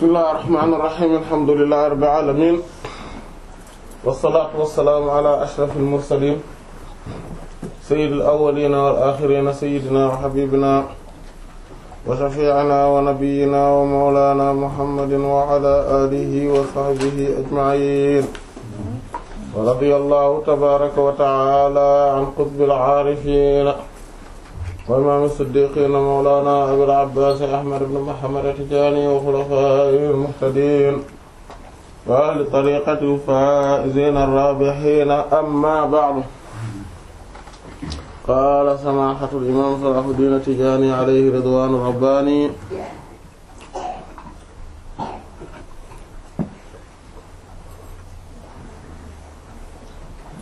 bismillahir rahmanir rahim alhamdulillahi rabbil alamin wassalaatu wassalaamu ala ashrafil mursalin sayyidil awwalina wal aaxirina sayyidina wa habibina wa shafiicina wa nabiyyina wa mawlaana muhammadin wa ala aalihi wa sahbihi ajmaciin wa radiyallahu tabaaraka wa tacaala an qutbil caarifiin والإمام الصديق مولانا أبي العباس أحمد بن محمد التجاني وخلفائه المهتدين وأهل طريقة الفائزين الرابحين أما بعد قال سماحة الإمام صلاح الدين التجاني عليه رضوان الرباني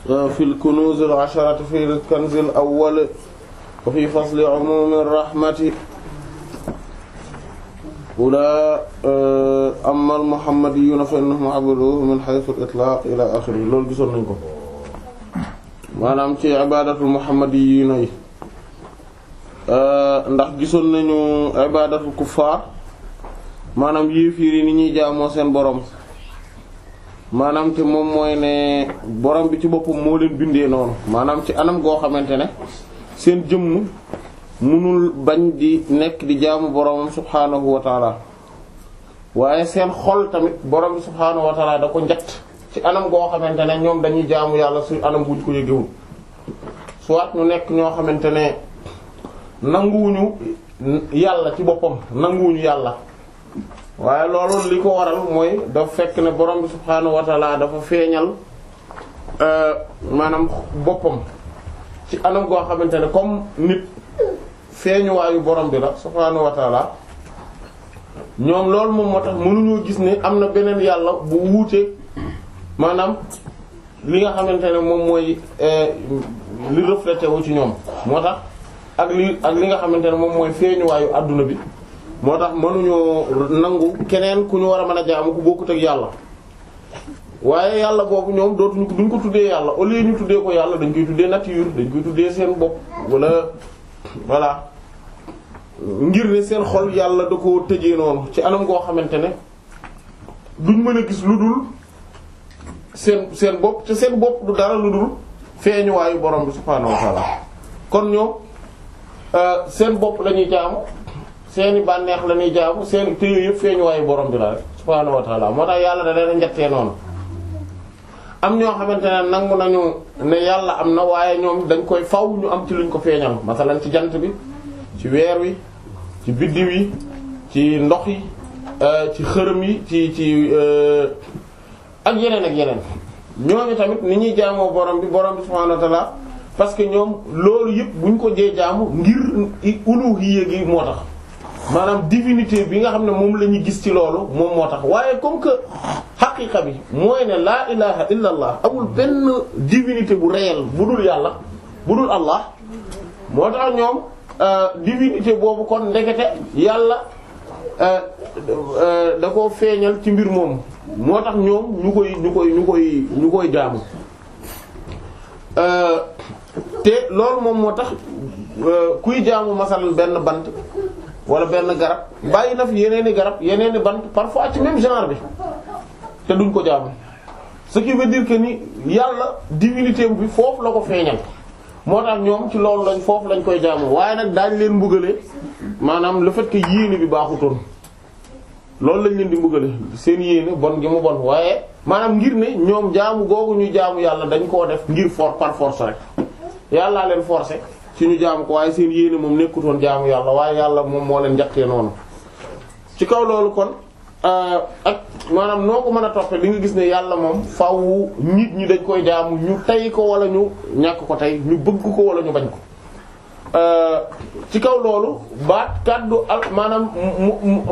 في الكنوز العشرة في الكنز الأول wa fi fasli umumi rahmati wula amal muhammadiyuna fa innahum abduhu min haythu al-itlaq ila loolu gisoon nañ ko maanaam ci ibadatul muhammadiyuna yi ndax gisoon nañu ibadatul kuffar maanaam yéefiir yi ni ñuy jaamoo seen borom maanaam te moom mooy ne borom bi ci boppam moo leen bindee noonu maanaam ci anam goo xamante ne seen jëmm mënul bañ di nekk di jaamu boroomam subhaanahu wa taala waaye seen xol tamit borom bi subhaanahu wa da ko njett ci anam goo xamante ne ñoom dañuy jaamu yàlla suy anam buñ ko yëgewul soit ñu nekk ñoo xamante ne nanguwuñu yàlla ci boppam nanguwuñu yàlla waaye loolu li ko waral mooy dafa fekk ne borom bi subhaanahu wa dafa feeñal euh, maanaam boppam ci anam goo xamante ne comme nit feeñuwaayu borom bi la subhaanahu wa taala ñoom loolu moom moo tax mënuñoo gis ne am na beneen yàlla bu wuute maanaam li nga xamante ne moom mooy eh, li reflété wu ci ñoom moo tax ak li ak li nga xamante ne moom mooy feeñuwaayu àdduna bi moo tax mënuñoo nangu keneen ku ñu war a mën a jaamu ku bokkut ak yàlla waaye yàlla boobu ñoom dootuñu duñ ko tuddee yàlla au lieu ñu tuddee ko yàlla dañ koy tuddee nature dañ koy tuddee seen bopp wala voilà ngir ne seen xol yàlla da ko tëjee noonu ci anam goo xamante ne duñ mën a gis lu dul seen seen bopp te seen bopp du dara lu dul feeñuwaayu borom bi subhaanahu wa kon ñoom euh, seen bopp lañuy jaamu seeni bànneex lañuy jaamu seen te yooyu yëpp feeñuwaayu borom bi la rek subhaanahu wa ta'ala moo tax yàlla da leen njattee noonu am ñoo xamante ne nangu nañu ne yàlla am na waaye ñoom dañ koy faw ñu am ci luñ ko feeñal masalan ci jant bi ci weer wi ci biddiw yi ci ndox yi euh, ci xërëm yi ci ci euh, ak yeneen ak yeneen ñooñu tamit ni ñuy jaamoo borom bi borom bi subhaanahu wa parce que ñoom loolu yëpp buñ ko jee jaamu ngir uluhiyya gi moo tax maanaam divinité bi nga xam ne moom la ñu gis ci loolu moom moo tax waaye comme que xaqiqa bi mooy ne laa ilaha illa amul benn divinité bu réel bu dul yàlla bu dul allah moo tax ñoom euh, divinité boobu kon ndekete yàlla euh, euh, da ko feeñal ci mbir moom moo tax ñoom ñu koy ñu koy ñu koy ñu koy jaamu te loolu moom moo tax kuy jaamu masal benn bant wala benn garab bàyyi na fi yeneeni garab yeneeni bant parfois ci même genre bi te duñ ko jaamu sa qui veut dire que ni yàlla divinité bi foofu la ko feeñal moo tax ñoom ci loolu lañ foofu lañ koy jaamu waaye nag daañ leen mbugale maanaam le fait que yéene bi baaxutoon loolu lañ leen di mbugale seen yéene bon gi mu bon waaye maanaam ngir ne ñoom jaamu googu ñu jaamu yàlla dañ koo def ngir for par force rek yàllaa leen forcer ci ñu jaamu ko waaye seen yéene moom nekkutoon jaamu yàlla waaye yàlla moom moo leen njaqee noonu ci kaw loolu kon euh, ak maanaam noo ko mën a toppee li nga gis ne yàlla moom faw nit ñi dañ koy jaamu ñu tey ko wala ñu ñàkk ko tey ñu bëgg ko wala ñu bañ ko euh, ci kaw loolu baat kàddu al maanaam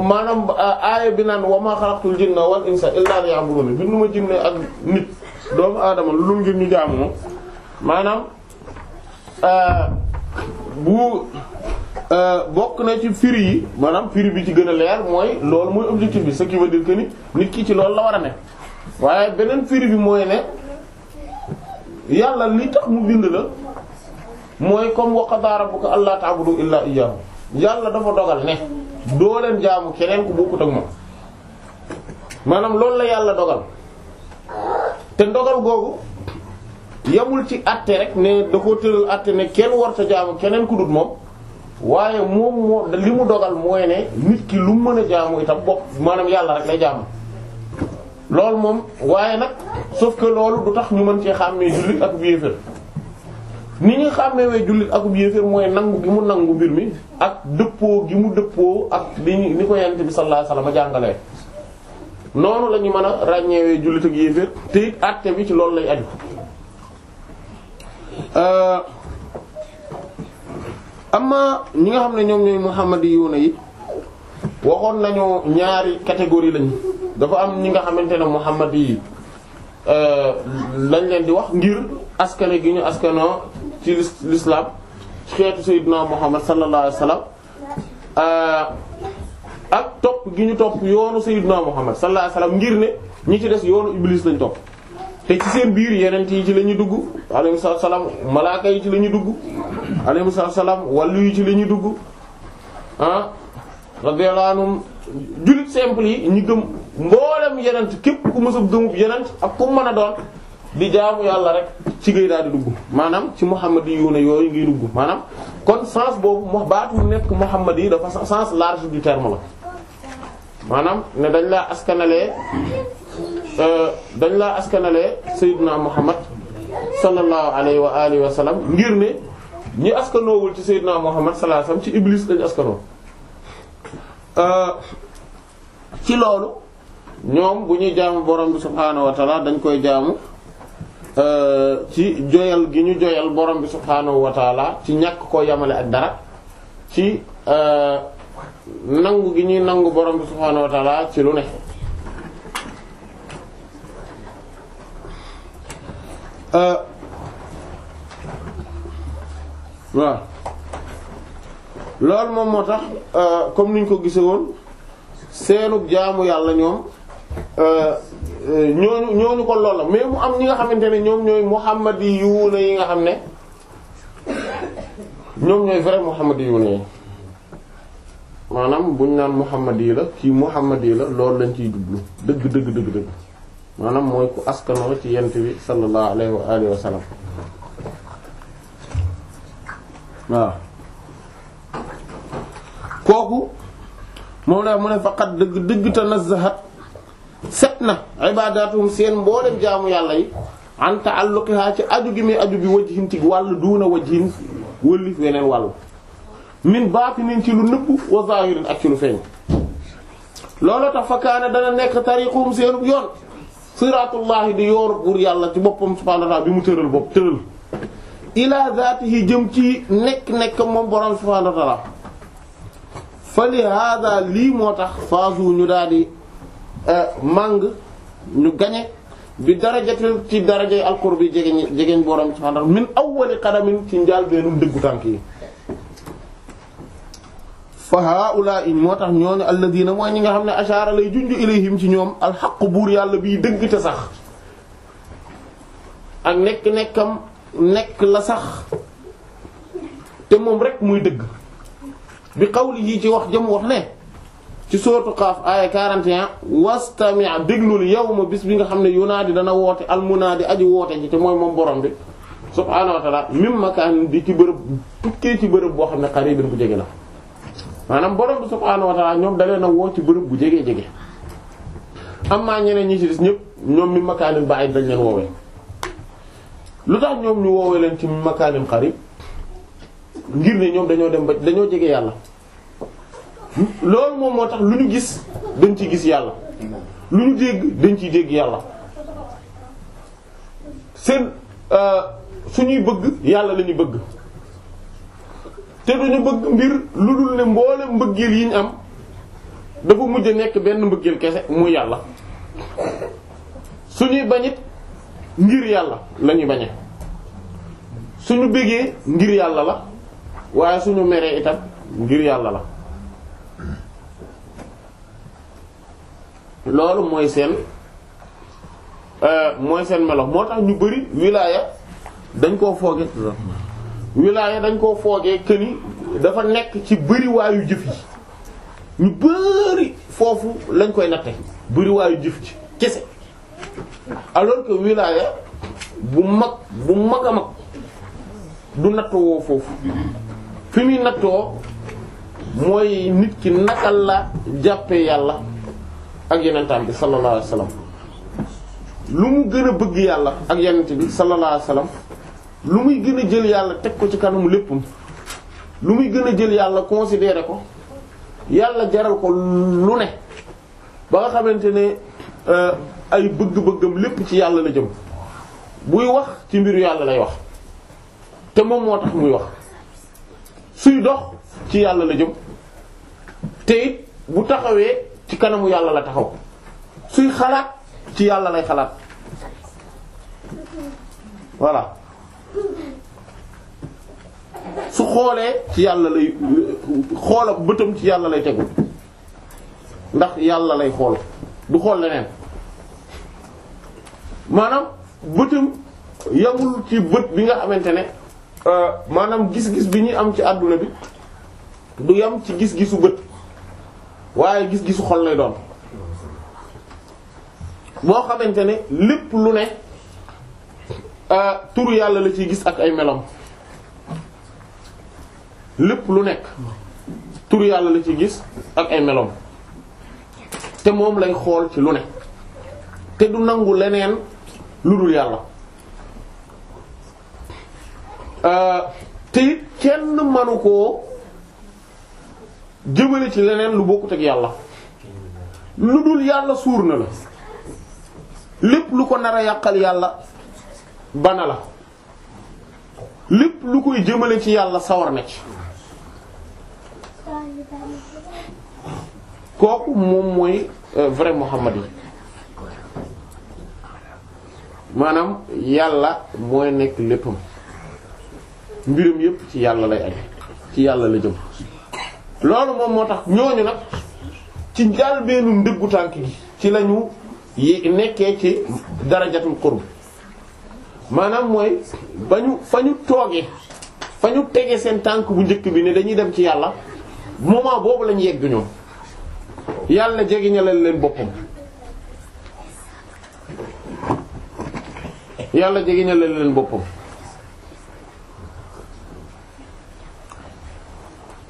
maanaam euh, aaya bi naan wa maa xalaqtul jinna wal insa jinne ak nit doomu aadama lu ngir ñu jaamu moom maanaam bu euh, bokk na ci firi yi maanaam firi bi ci gën a leer mooy loolu mooy objectif bi ce qui veut dire que ni nit ki ci loolu la war a ne waaye beneen firi bi mooy ne yàlla li tax mu bind la mooy comme wa qadaa rabbuka allaa ta'budu illaa iyyaahu yàlla dafa dogal ne doo leen jaamu keneen ku bokkut ak moom maanaam loolu la yàlla dogal te dogal googu. yamul ci àtte rek ne da koo tëral àtte ne kenn warta jaamu keneen ku moom waaye moom moo li mu dogal mooy ne nit ki lu mu mën a jaamu itam bopp maanaam yàlla rek lay jaamu loolu moom waaye nag sauf que loolu du tax ñu mën cee xàmmee jullit ak yéeféer ni ñu xàmmewee jullit ak bu yéeféer mooy nangu gi mu nangu mbir mi ak dëppoo gi mu dëppoo ak li ni ko yonent bi sallallahu alayhi wasallam jàngalee noonu la ñu mën a ràññeewee jullit ak yéeféer te it bi ci loolu lay aju am euh, amma ñi nga xam ne ñoom ñooy muhammadiyuuna yi waxoon nañu ñaari catégorie lañu dafa am ñi nga xamante ne muhammadi yi euh, lañ leen di wax ngir askane gi ñu askanoo ci l'islam xeetu sayyidina muhammad sallallahu alayhi wasallam euh, ak topp gi ñu topp yoonu sayyidina muhammad sallallahu alayhi wasallam ngir ne ñi ci des yoonu iblis lañ topp te ci seen biir yenent yi ci la ñuy dugg alayhi salaam malaaka yi ci la ñuy dugg alayhi salaam wàllu yi ci la ñuy dugg ah radiyallahu anhum jullit simple yi ñu gëm mboolem yenent képp ku mës a gëmub yenent ak ku mën a doon di jaamu yàlla rek ci ngay daal dugg maanaam ci muhammad yi ne yooyu ngay dugg maanaam kon sens boobu mo baatu nekk muhammad yi dafa sens large du terme la maanaam ne dañ laa askanalee Euh, dañ laa askanalee Seydina Muhammad sallallahu alayhi wa alihi wa sallam ngir ne ñi askanoowul ci Seydina Muhammad sallallahu alayhi wa ci Iblis lañu askanoo euh, ci loolu ñoom bu ñuy jaamu borom bi subhaanahu wa taala dañ koy jaamu euh, ci joyal gi ñu joyal borom bi subhaanahu wa taala ci ñàkk koo yamale ak dara ci nangu gi ñuy nangu borom bi subhaanahu wa taala ci lu ne Euh. waaw loolu moom moo tax euh, comme niñ ko gise woon seenub jaamu yàlla ñoom euh, ñooñu ñooñu ko lool la mais mu am ñi nga xamante ne ñoom ñooy muhammadi yuuna yi nga xam ne ñoom ñooy vrai muhammadi yuuna yi maanaam buñ naan muhammadi la kii muhammadi la loolu lañ ciy jublu dëgg dëgg dëgg dëgg maanaam mooy ku askanoo ci yent bi sallallahu alayhi wa alihi wa sallam waaw kooku moom la mu ne faqat dëgg dëgg tanazzahat set na ibaadaatuhum seen mboolem jaamu yàlla yi an ta'alluqiha ci aju gi muy aju bi wajhin ci wàll duuna wajhin wëllif weneen wàllu min baatinin ci lu nëbbu wa zaahirin ak ci lu feeñ loolu tax fa kaana dana nekk tariqum seen yoon siraatullahi di yooru buur yàlla ci boppam subhaanahu wa bi mu tëral bopp tëral ilaa zaatihi jëm ci nekk nekk moom borom subhaanahu wa fa li hada lii moo tax faasu ñu daal di euh, màng ñu gañe bi darajati ci darajay alqurbi jegeñ jegeñ borom subhaanahu wa ta'ala min awwali qadamin ci njaal beenum dëggu tànk yi fa haa'ulaa'i moo tax ñoo ñooñu alladhiina moo ñi nga xam ne ashaara lay junj ilayhim ci ñoom alxaq buur yàlla bii dëgg te sax ak nekk nekkam nekk la sax te moom rek muy dëgg bi yi ci wax jëm wax ne ci sootu Qaaf aaya 41 wastami' déglul ma bis bi nga xam ne yunaadi dana woote almunaadi aji woote ji te mooy moom borom bi subhaanahu wa ta'aala mim di ci bërëb tukkee ci bërëb boo xam ne qariibin bu jege la maanaam borom bi subhaanahu wa ñoom dalee na woo ci bërëb bu jege jege am maa ñeneen ñi ci des ñëpp ñoom mi makaanim ba'id dañ leen woowee lu tax ñoom ñu woowee leen ci makaanim qarib ngir ne ñoom dañoo dem ba dañoo jege yàlla loolu moom moo tax lu ñu gis dañ ci gis yàlla lu ñu dégg dañ ci dégg yàlla seen euh, suñuy bëgg yàlla la ñuy bëgg te duñu bëgg mbir lu dul ne mboolem mbëggeel yi ñu am dafa mujj nekk benn mbëggeel kese muy yàlla suñuy bañit ngir yàlla lañuy bañe suñu bëggee ngir yàlla la waaye suñu meree ngir yàlla la loolu mooy seen euh, mooy seen melo moo tax ñu bari wilaaya dañ koo fooge wilaaya dañ koo foogee këni dafa nekk ci bëriwaayu jëf yi ñu bëri foofu lañ koy natte bëriwaayu jëf ci kese alors que wilaaya bu mag bu mag a mag du nattoo foofu fi muy nattoo mooy nit ki naka la jàppee yàlla ak yenentaan bi sallallahu alayhi lu mu gën a bëgg yàlla ak yenente bi sallallahu alayhi lu muy gën a jël yàlla teg ko ci kanamu lépp lu muy gën a jël yàlla considérer ko yàlla jaral ko lu ne ba nga xamante ne euh, ay bëgg-bëggam lépp ci yàlla la jëm buy wax ci mbiru yàlla lay wax te moom moo tax muy wax suy dox ci yàlla la jëm te it bu taxawee ci kanamu yàlla la taxaw suy xalaat ci yàlla lay xalaat voilà su xoolee ci yàlla lay xoola bëtam ci yàlla lay tegu ndax yàlla lay xool du xool leneen maanaam bëtam yamul ci bët bi nga xamante ne euh, maanaam gis-gis bi ñuy am ci àdduna bi du yam ci gis-gisu bët waaye gis-gisu xol lay doon boo xamante ne lépp lu ne Euh, turu yàlla la ciy gis ak ay melam lépp lu nekk tur yàlla la ciy gis ak ay melam te moom lay xool ci lu ne te du nangu leneen lu dul yàlla euh, te it kenn manu koo jëmale ci leneen lu bokkut ak yàlla lu dul yàlla suur na la lépp lu ko nar a yàqal yàlla bana la lépp lu koy jëmale ci yàlla sawar na ci kooku moom mooy euh, vrai Muhammad yi maanaam yàlla mooy nekk léppam mbiram yépp ci yàlla lay aje ci yàlla la jëm loolu moom moo tax ñooñu nag ci njàlbeenu ndëggu tànk gi ci lañu nekkee ci darajatul qurb maanaam mooy ba ñu fa ñu toogee fa ñu tege seen tànk bu njëkk bi ne dañuy dem ci yàlla moment boobu lañu yegg ñoom yàlla jegeñalal leen boppam yàlla jegeñalal leen boppam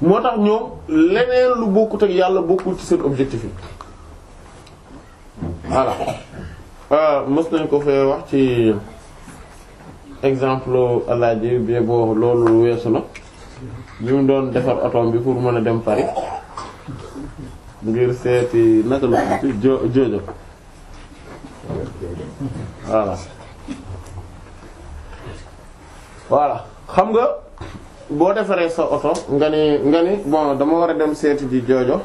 moo tax ñoom leneen lu bokkut ak yàlla bokkul ci seen objectif yi voilà euh, mës nañ ko fee wax ci exemple alaaji bi boo loolu weesu na bi mu doon defar atom bi pour mën a dem Paris ngir seeti naka la jo joojo voilà voilà xam nga boo defaree sa oto nga ni nga ni bon dama war a dem seeti ji joojo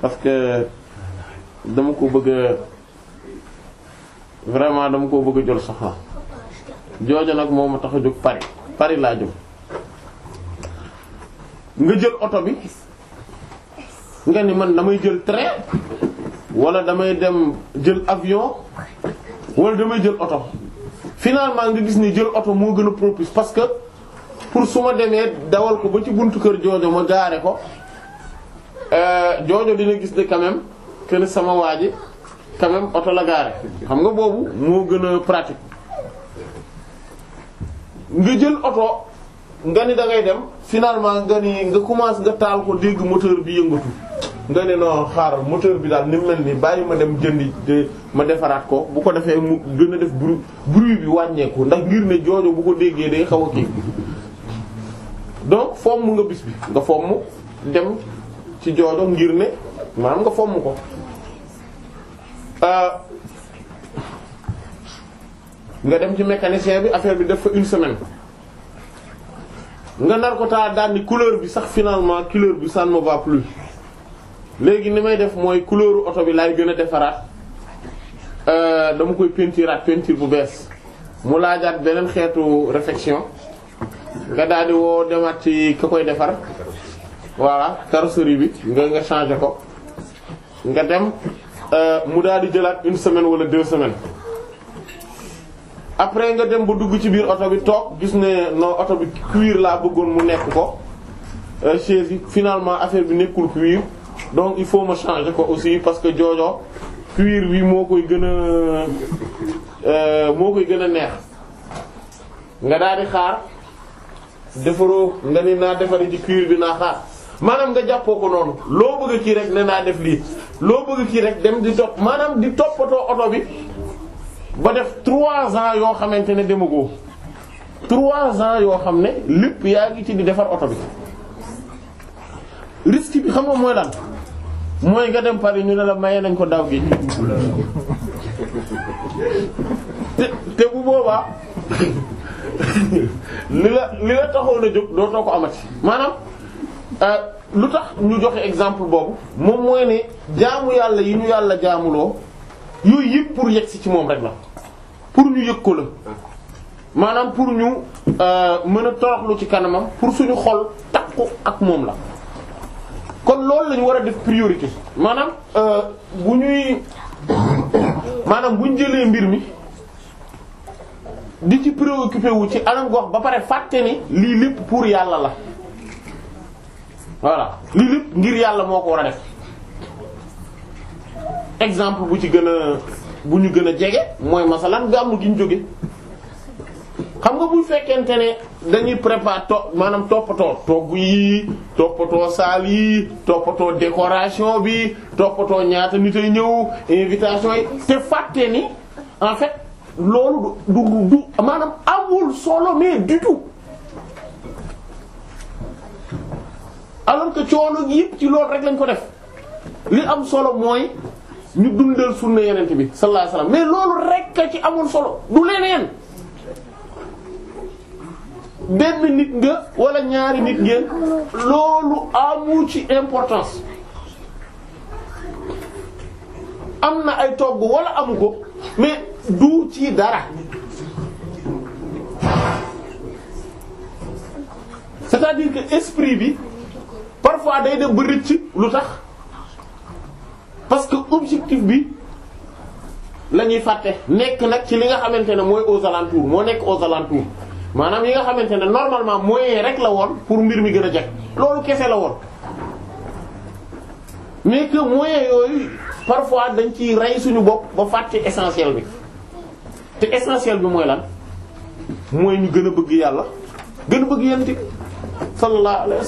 parce que dama ko bëgg a dama ko bëgg a jël soxla jooja nag moo ma tax a jóg Paris Paris laa jëm nga jël oto bi nga ni man damay jël train walla damay dem jël avion wala damay jël oto finalement nga gis ni jël oto moo gën a propice parce que pour su ma demee dawal ko ba ci buntu kër joojo ma gaare ko euh, joojo dina gis ne quand même sama waa ji quand oto la gaare xam nga boobu moo gën a pratique. nga jël oto nga ni dangay dem finalement nga ni nga commencé nga taal ko dégg moteur bi yëngatu nga ne non xaar moteur bi daal ni mu mel nii bàyyi ma dem jëndi ma defaraat ko bu ko defee mu gën a def bruit bruit bi wàññeeku ndax ngir ne joojo bu ko déggee day xaw a kii donc fomm nga bis bi nga fomm dem ci joojo ngir ne maanaam nga fomm ko. Euh, nga dem ci mécanicien bi affaire bi def fa une semaine nga nar ko taa daan di couleur bi sax finalement couleur bi ça ne plus léegi ni may def mooy couleuru oto bi laay gën a defaraat euh, dama koy peinturaat peinture bu bees mu laajaat beneen xeetu réflexion nga daal di woo demaat ci ka koy defar voilà carrosserie bi nga nga changer ko nga dem euh, mu daal di jëlaat une semaine wala deux semaines. après nga dem ba dugg ci biir oto bi toog gis ne non oto bi cuir laa bëggoon mu nekk ko euh, chaise yi finalement affaire bi nekkul cuir donc il faut ma changer ko aussi parce que joojo cuir bi moo koy gën a euh, moo koy gën a neex nga daal di xaar defaroo nga ni naa defari ci cuir bi naa xaar maanaam nga jàppoo ko noonu loo bëgg kii rek ne naa def lii loo bëgg kii rek dem di topp maanaam di toppatoo oto bi ba def trois ans yoo xamante ne demagoo trois ans yoo xam ne lépp yaa ngi ci di defar oto bi risque bi xam nga mooy lan mooy nga dem Paris ñu ne la maye nañ ko daw gi te te bu boobaa li la li la taxoon a jóg dootoo ko amati maanaam euh, lu tax ñu joxe exemple boobu moom mooy ne jaamu yàlla yi ñu yàlla jaamuloo yooyu yëpp pour yegg si ci moom rek la pour ñu yëg ko la maanaam pour ñu euh, mën a toroxlu ci kanamam pour suñu xol takku ak moom la kon loolu lañu war a def priorité maanaam euh, bu ñuy maanaam bu ñu jëlee mbir mi di ci préoccupé wu ci anam gox ba pare fàtte ni lii lépp pour yàlla la voilà lii lépp ngir yàlla moo ko war a def exemple bu ci gën a bu ñu gën a jege mooy masalan gàmmu gi ñu jóge xam nga bu fekkente ne dañuy préparer to maanaam toppatoo togg yi toppatoo saal yi toppatoo décoration bi toppatoo ñaata nit ay ñëw invitation yi te fàtte ni en fait loolu du du maanaam amul solo mais du tout alors que coono yëpp ci loolu rek lañ ko def. li am solo mooy ñu dundal sunna yenent bi sallallahu alayhi mais loolu rekk a ci amul solo du leneen benn nit nga wala ñaari nit ngeen loolu amu ci importance am na ay togg walla amu ko mais du ci dara c'est-à-dire que esprit bi parfois day dem ba rëcc lu tax parce que objectif bi lañuy fàtte nekk nag ci li nga xamante ne mooy aux alentours moo nekk aux alentours maanaam yi nga xamante ne normalement mooy rek la woon pour mbir mi gën a jag loolu kese la woon mais que yooyu parfois dañ ci rey suñu bopp ba fàtte essentiel bi te essentiel bi mooy lan mooy ñu gën a bëgg yàlla gën a bëgg yonent sallallahu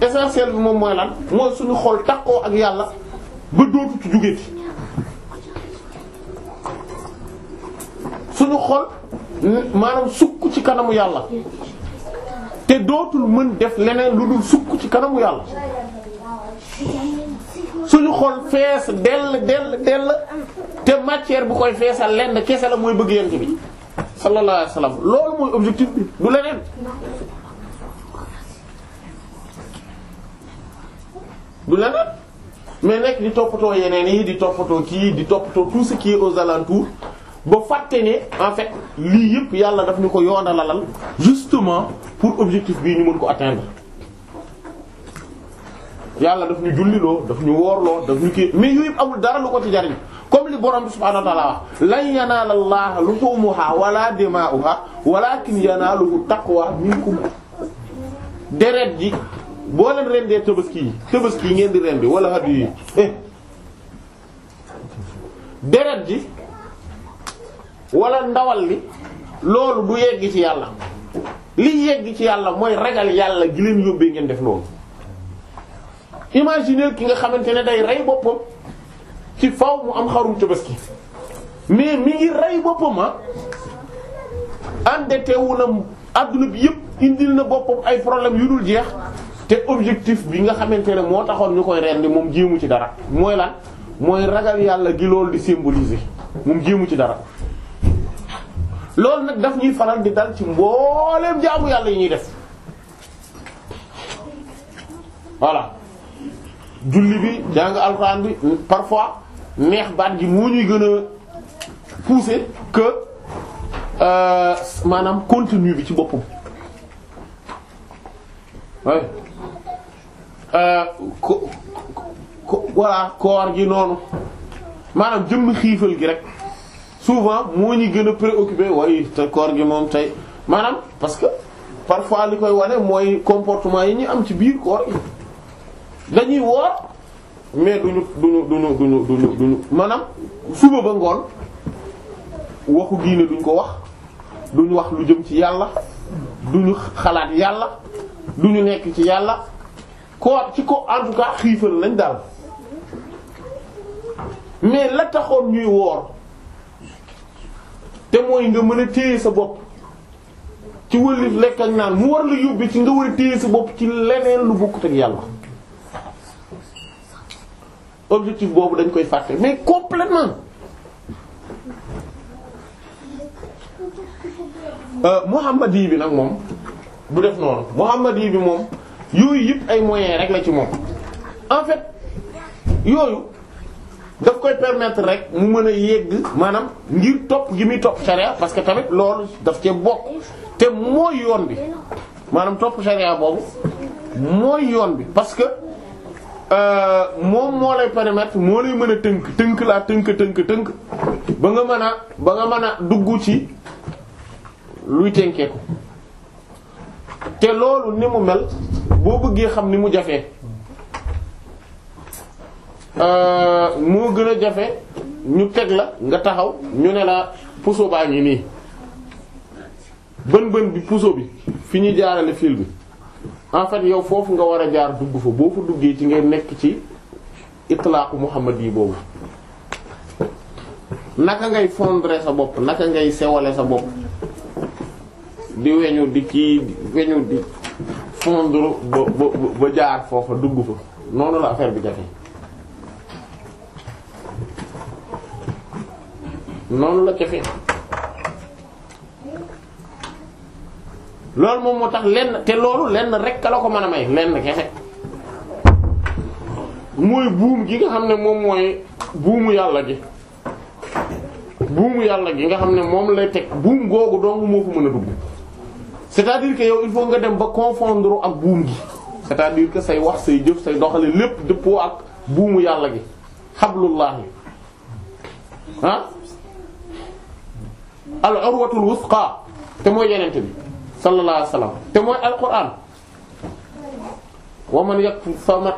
essentiel bi moom mooy lan mooy suñu xol takkoo ak yàlla ba dootu ci jógee suñu xol maanaam sukk ci kanamu yàlla te dootul mën def leneen lu dul sukk ci kanamu yàlla suñu xol fees dell dell dell te matière bu koy feesal lenn kese la mooy bëgg yant bi sallallahu alayhi wasallam loolu mooy objectif bi du leneen du leneen mais nekk di toppatoo yeneen yi di toppatoo kii di toppatoo tout si kii est aux alentours ba fàtte ne en fait lii yëpp yàlla daf ñu ko yoonalalal justement pour objectif bii ñu mën ko atteindre yàlla daf ñu julliloo daf ñu woorloo daf ñu kii mais yooyu yëpp amul dara lu ko ci jariñ comme li borom bi subhaanahu wa ta'aala wax lan yanaala llaaha luhuumuhaa wala dimaa'uhaa walaakin yanaaluhu taqwa minkum deret ji boo leen rendee tabaski yi tabaski yi ngeen di rendi wala hadiyu yi eh deret ji wala ndawal li loolu du yegg ci yàlla li yegg ci yàlla mooy ragal yàlla gi leen yóbbee ngeen def loolu imaginer ki nga xamante ne day rey boppam ci faw mu am xarum tabaski mais mi ngi rey boppam ah endetté wu na adduna bi yëpp indil na boppam ay problème yu dul jeex te objectif bi nga xamante ne moo taxoon ñu koy rendi moom jéemu ci dara mooy lan mooy ragal yàlla gi loolu di symboliser moom jéemu ci dara loolu nag daf ñuy faral di dal ci mbooleem jaamu yàlla yi ñuy def voilà julli bi jàng alxuraan bi parfois neex baat gi moo ñuy gën a pousser que euh, maanaam contenu bi ci boppam. Euh, ko ko voilà koor gi noonu maanaam jëmm xiifal gi rek souvent moo ñu gën a préoccupé waaye te koor gi moom tey maanaam parce que parfois li koy wane mooy comportement yi ñu am ci biir koor gi dañuy woor mais duñu duñu duñu duñu duñu duñu maanaam suba ba ngoon waxu diine duñ ko wax duñu wax lu jëm ci yàlla duñu xalaat yàlla duñu nekk ci yàlla koor ci ko en tout cas xiifal lañ dal mais la taxoon ñuy woor te mooy nga mën a téye sa bopp ci wëlif lekk ak naan mu war la yóbbi ci nga war a téye sa bopp ci leneen lu bokkut ak yàlla objectif boobu dañ koy fàtte mais complètement euh, Muhammadi bi nag moom du def noonu Muhammadi bi moom yooyu yëpp ay moyens rek la ci moom en fait yooyu daf koy permettre rek mu mën a yegg maanaam ngir topp gi muy topp charia parce que tamit loolu daf cee bokk te mooy yoon bi maanaam topp charia boobu mooy yoon bi parce que euh, moom moo lay permettre moo lay mën a tënk tënk laa tënk tënk tënk ba nga mën a ba nga mën a duggu ci luy tënkeeku te loolu ni mu mel boo bëggee xam ni mu jafee euh, moo gën a jafe ñu teg la nga taxaw ñu ne la puso baa ngi nii bën bën bi puso bi fi ñuy jaarale fil bi en fait yow foofu nga war a jaar dugg fa boo fa duggee ci ngay nekk ci itlaaqu muhammad yi boobu naka ngay fondre sa bopp naka ngay sewale sa bopp di weñu di kii weñu di fondre ba ba ba jaar foofa dugg fa noonu la affaire bi jafe noonu la jafe loolu moom moo tax lenn te loolu lenn rekk la ko mën a may lenn kese mooy buum gi nga xam ne moom mooy buumu yàlla gi buumu yàlla gi nga xam ne moom la teg buum googu dong moo ko mën a dugg c'est-à-dire il faut nga dem ba confondre ak buum gi cest à say wax say jëf say doxale lépp dëppoo ak buumu yàlla gi xablullaahi ah al urwatul wusqa te mooy yenente bi sallallahu alayhi te mooy alquran wa man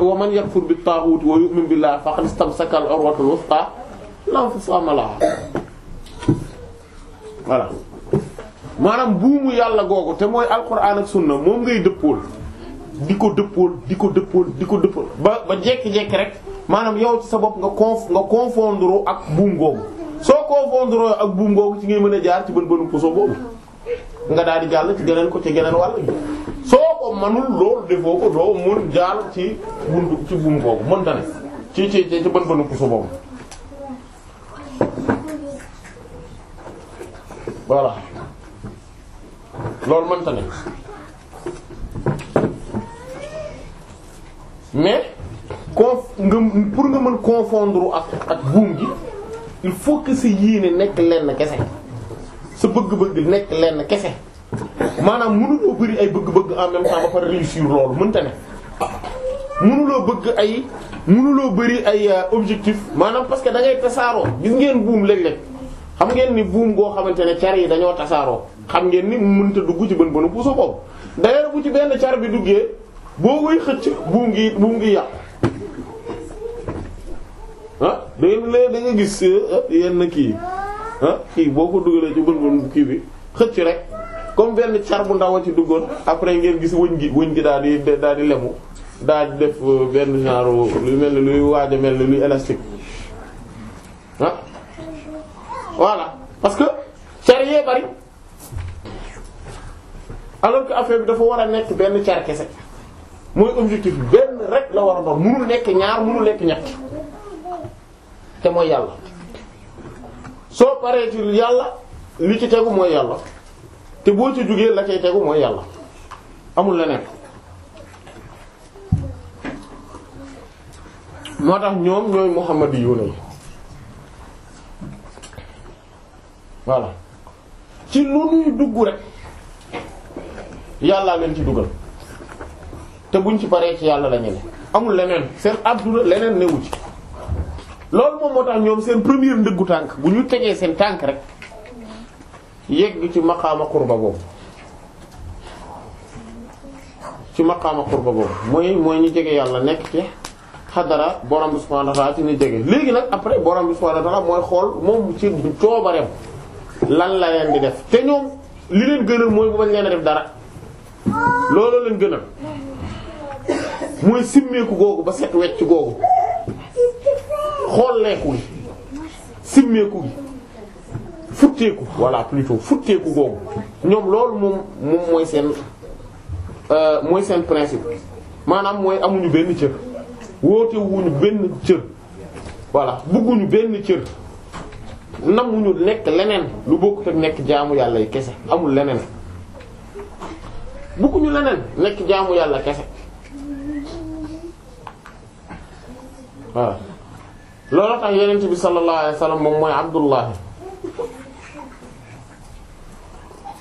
wa man yakfur bit taghut wa yu'min billahi faqad istamsaka al urwatul wusqa la infisama laha voilà maanaam buumu yàlla googu te mooy alquran ak sunna moom ngay dëppool di ko dëppool di ko dëppool di ko dëppool ba ba jekki-jekki rek maanaam yow ci sa bopp nga conf nga confondre ak buum googu soo confondre ak buum googu ci ngay mën a jaar ci bën bënu poso boobu nga daal di jàll ci geneen ko ci geneen wàll bi soo ko manul loolu defoo ko doo mun jaar ci bundu ci buum googu mën ta ne ci ci ci bën bënu poso boobu loolu mënta ne mais conf nga pour nga mën confondre ak ak buum gi il faut que sa yéene nekk lenn kese sa bëgg-bëgg nekk lenn kese maanaam mënuloo bëri ay bëgg-bëgg en même temps ba pare réussir loolu mënta ne mënuloo bëgg ay mënuloo bëri ay euh, objectif maanaam parce que da ngay tasaaroo gis ngeen buum léeg-léeg xam ngeen ni buum goo xamante ne car yi dañoo tasaaroo xam ngeen ni mënta dugg ci bën bënu puso boobu d'ailleurs bu ci benn car bi duggee boo koy xëcc buum ngi buum ngi yàqu ah da ngeen da gis ah, yenn kii ah kii boo ko dugalee ci bën bën kii bi xëcc rek comme benn car bu ndaw a ci duggoon après ngeen gis wëñ gi wëñ gi daal di daal di lemu daal di def euh, benn genre lu mel ni luy waaj a mel ni luy élastique ah voilà que car yee bari alors que affaire bi dafa war a nekk benn car kese mooy objectif benn rek la war a doon mënul nekk ñaar mënul nekk ñett te mooy yàlla soo paree ci yàlla li ci tegu mooy yàlla te boo ci jugee la cay tegu mooy yàlla amul leneen moo tax ñoom ñooy Muhammad yu ne voilà ci lu ñuy dugg rek. yàllaa leen ci dugal te buñ ci paree ci yàlla la ñu amul leneen seen àdduna leneen newu ci loolu moom moo tax ñoom seen première ndëggu tànk bu ñu tegee seen tànk rek yegg ci maqaama xurba boobu ci maqaama xurba boobu mooy mooy ñu jege yàlla nekk ci xadara borom bi subhanahu wa ta'ala ci ne jege léegi nag après borom bi subhanahu wa ta'ala mooy xool moom ci coobareem lan la leen di def te ñoom li leen gënal mooy bu bañ leen a def dara loolu leen gën mooy simmeeku googu ba set wecc googu xolleeku gi simmeeku gi futteeku voilà plutôt futteeku googu ñoom loolu moom moom mooy seen euh, mooy seen principe maanaam mooy amuñu benn cër woote benn cër voilà bëgguñu benn cër namuñu nekk leneen lu bokkut ak nekk jaamu yàlla yi kese amul leneen bëgguñu leneen nekk jaamu yàlla kese waaw loolu tax yenent bi sallallahu alayhi wasallam moom mooy Abdullahi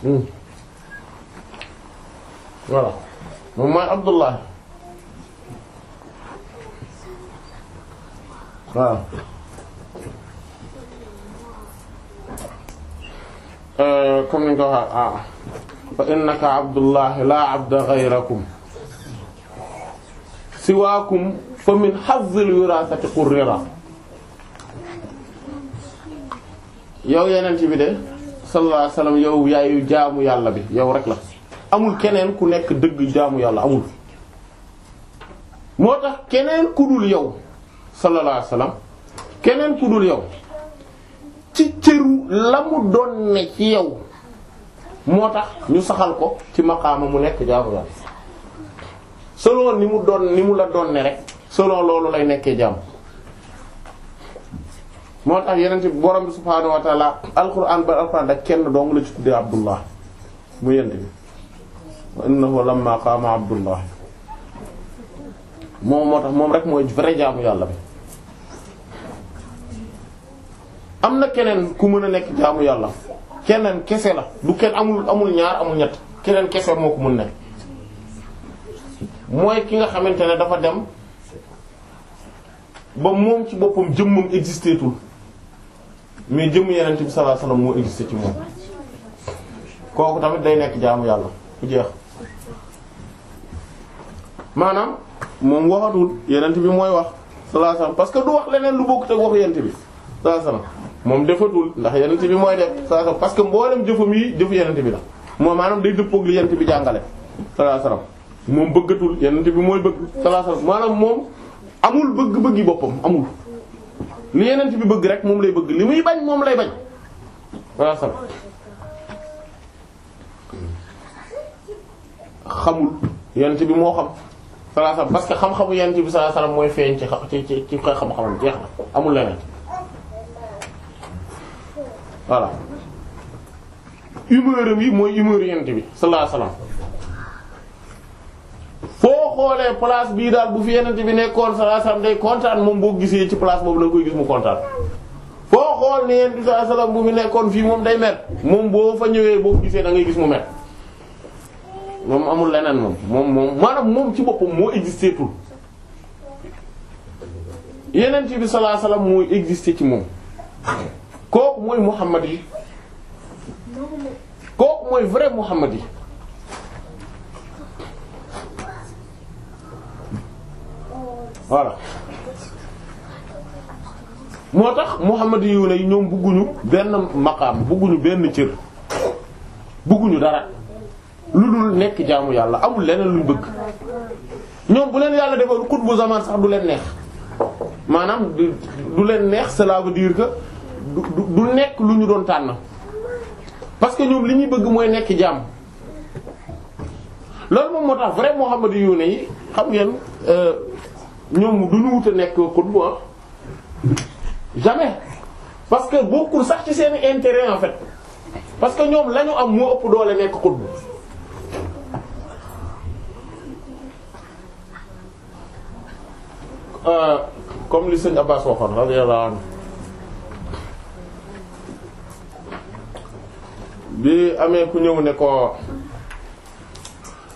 hmm. voilà moom mooy Abdullahi waaw euh, comme ni fa innaka abdullahi la abda ghayrakum siwaakum fa min hazzil wirasati qurrira yow yeneen ci bi de sallallahu alayhi wasallam yow yaayu jaamu yàlla bi yow rek la amul keneen ku nekk dëgg jaamu yàlla amul moo tax keneen ku dul yow sallallahu alayhi keneen ku dul yow ci cëru la mu doon ne ci yow moo tax ñu saxal ko ci maqaama mu nekk jaamu yàlla selon ni mu doon ni mu la doon ne rek selon loolu lay nekkee jaam moo tax yenente borom bi subhaanahu wa taala alquran ba alquran da kenn dong la ci tuddee abdullah mu yent bi wa innahu lamma qaama moom moo tax moom rek mooy vrai jaamu yàlla bi am na keneen ku mën a nekk jaamu yàlla keneen kese la du kenn amul amul ñaar amul ñett keneen kese moo ko mën ne mooy ki nga xamante ne dafa dem ba moom ci boppam jëmmam existé tul mais jëmm yenent bi sallallahu alayhi wasallam moo existé ci moom kooku tamit day nekk jaamu yàlla ku jeex maanaam moom waxatul yeneent bi mooy wax sallallahu alayhi wasallam que du wax leneen lu bokkut ak waxu yenent bi sallallahu moom defatul ndax yenent bi mooy def saa parce que mboolem jëfam yi jëfu yenent bi la moom maanaam day dëppoog li yenent bi jàngale sallallahu moom bëggatul yenent bi mooy bëgg sallallahu alayhi maanaam moom amul bëgg-bëggi boppam amul li yenent bi bëgg rek moom lay bëgg li muy bañ moom lay bañ sallallahu alayhi wasallam xamul yenent bi moo xam sallallahu alayhi parce que xam-xamu yenent bi sallallahu alayhi mooy feeñ ci ci ci koy xam jeex na amul leneen voilà humeur yi mooy humeur yent bi sallallahu alayhi foo xoolee place bii daal bu fi yent bi nekkoon sallallahu alayhi day kontaan moom boo gisee ci place boobu da nga koy gis mu kontaan. foo xool ne yent bi sallallahu alayhi bu fi nekkoon fii moom day mer moom boo fa ñëwee boo gisee da gis mu mer moom amul leneen moom moom moom maanaam moom ci boppam moo existé tout yonent bi sallallahu alayhi mooy existé ci moom. kooku mooy Muhammad yi kooku mooy vrai Muhammad yi voilà moo tax Muhammad yi ne ñoom bëgguñu benn maqaam bëgguñu benn cër bugguñu dara lu dul nekk jaamu yàlla amul leneen luñ bëgg ñoom bu leen yàlla defal xut bu zaman sax du leen neex maanaam du leen neex cela diir dire du du nekk lu ñu doon tànn parce que ñoom li ñuy bëgg mooy nekk jàmm loolu moom moo tax vrai Muhammad yu yi xam ngeen euh, ñoom du ñu wut a nekk xutbu ah. jamais parce que bokkul sax ci seen intérêt en fait parce que ñoom lañu am moo ëpp doole nekk xutbu euh, comme li sëñ Abbas waxoon radiyallahu anhu bi amee ku ñëw ne ko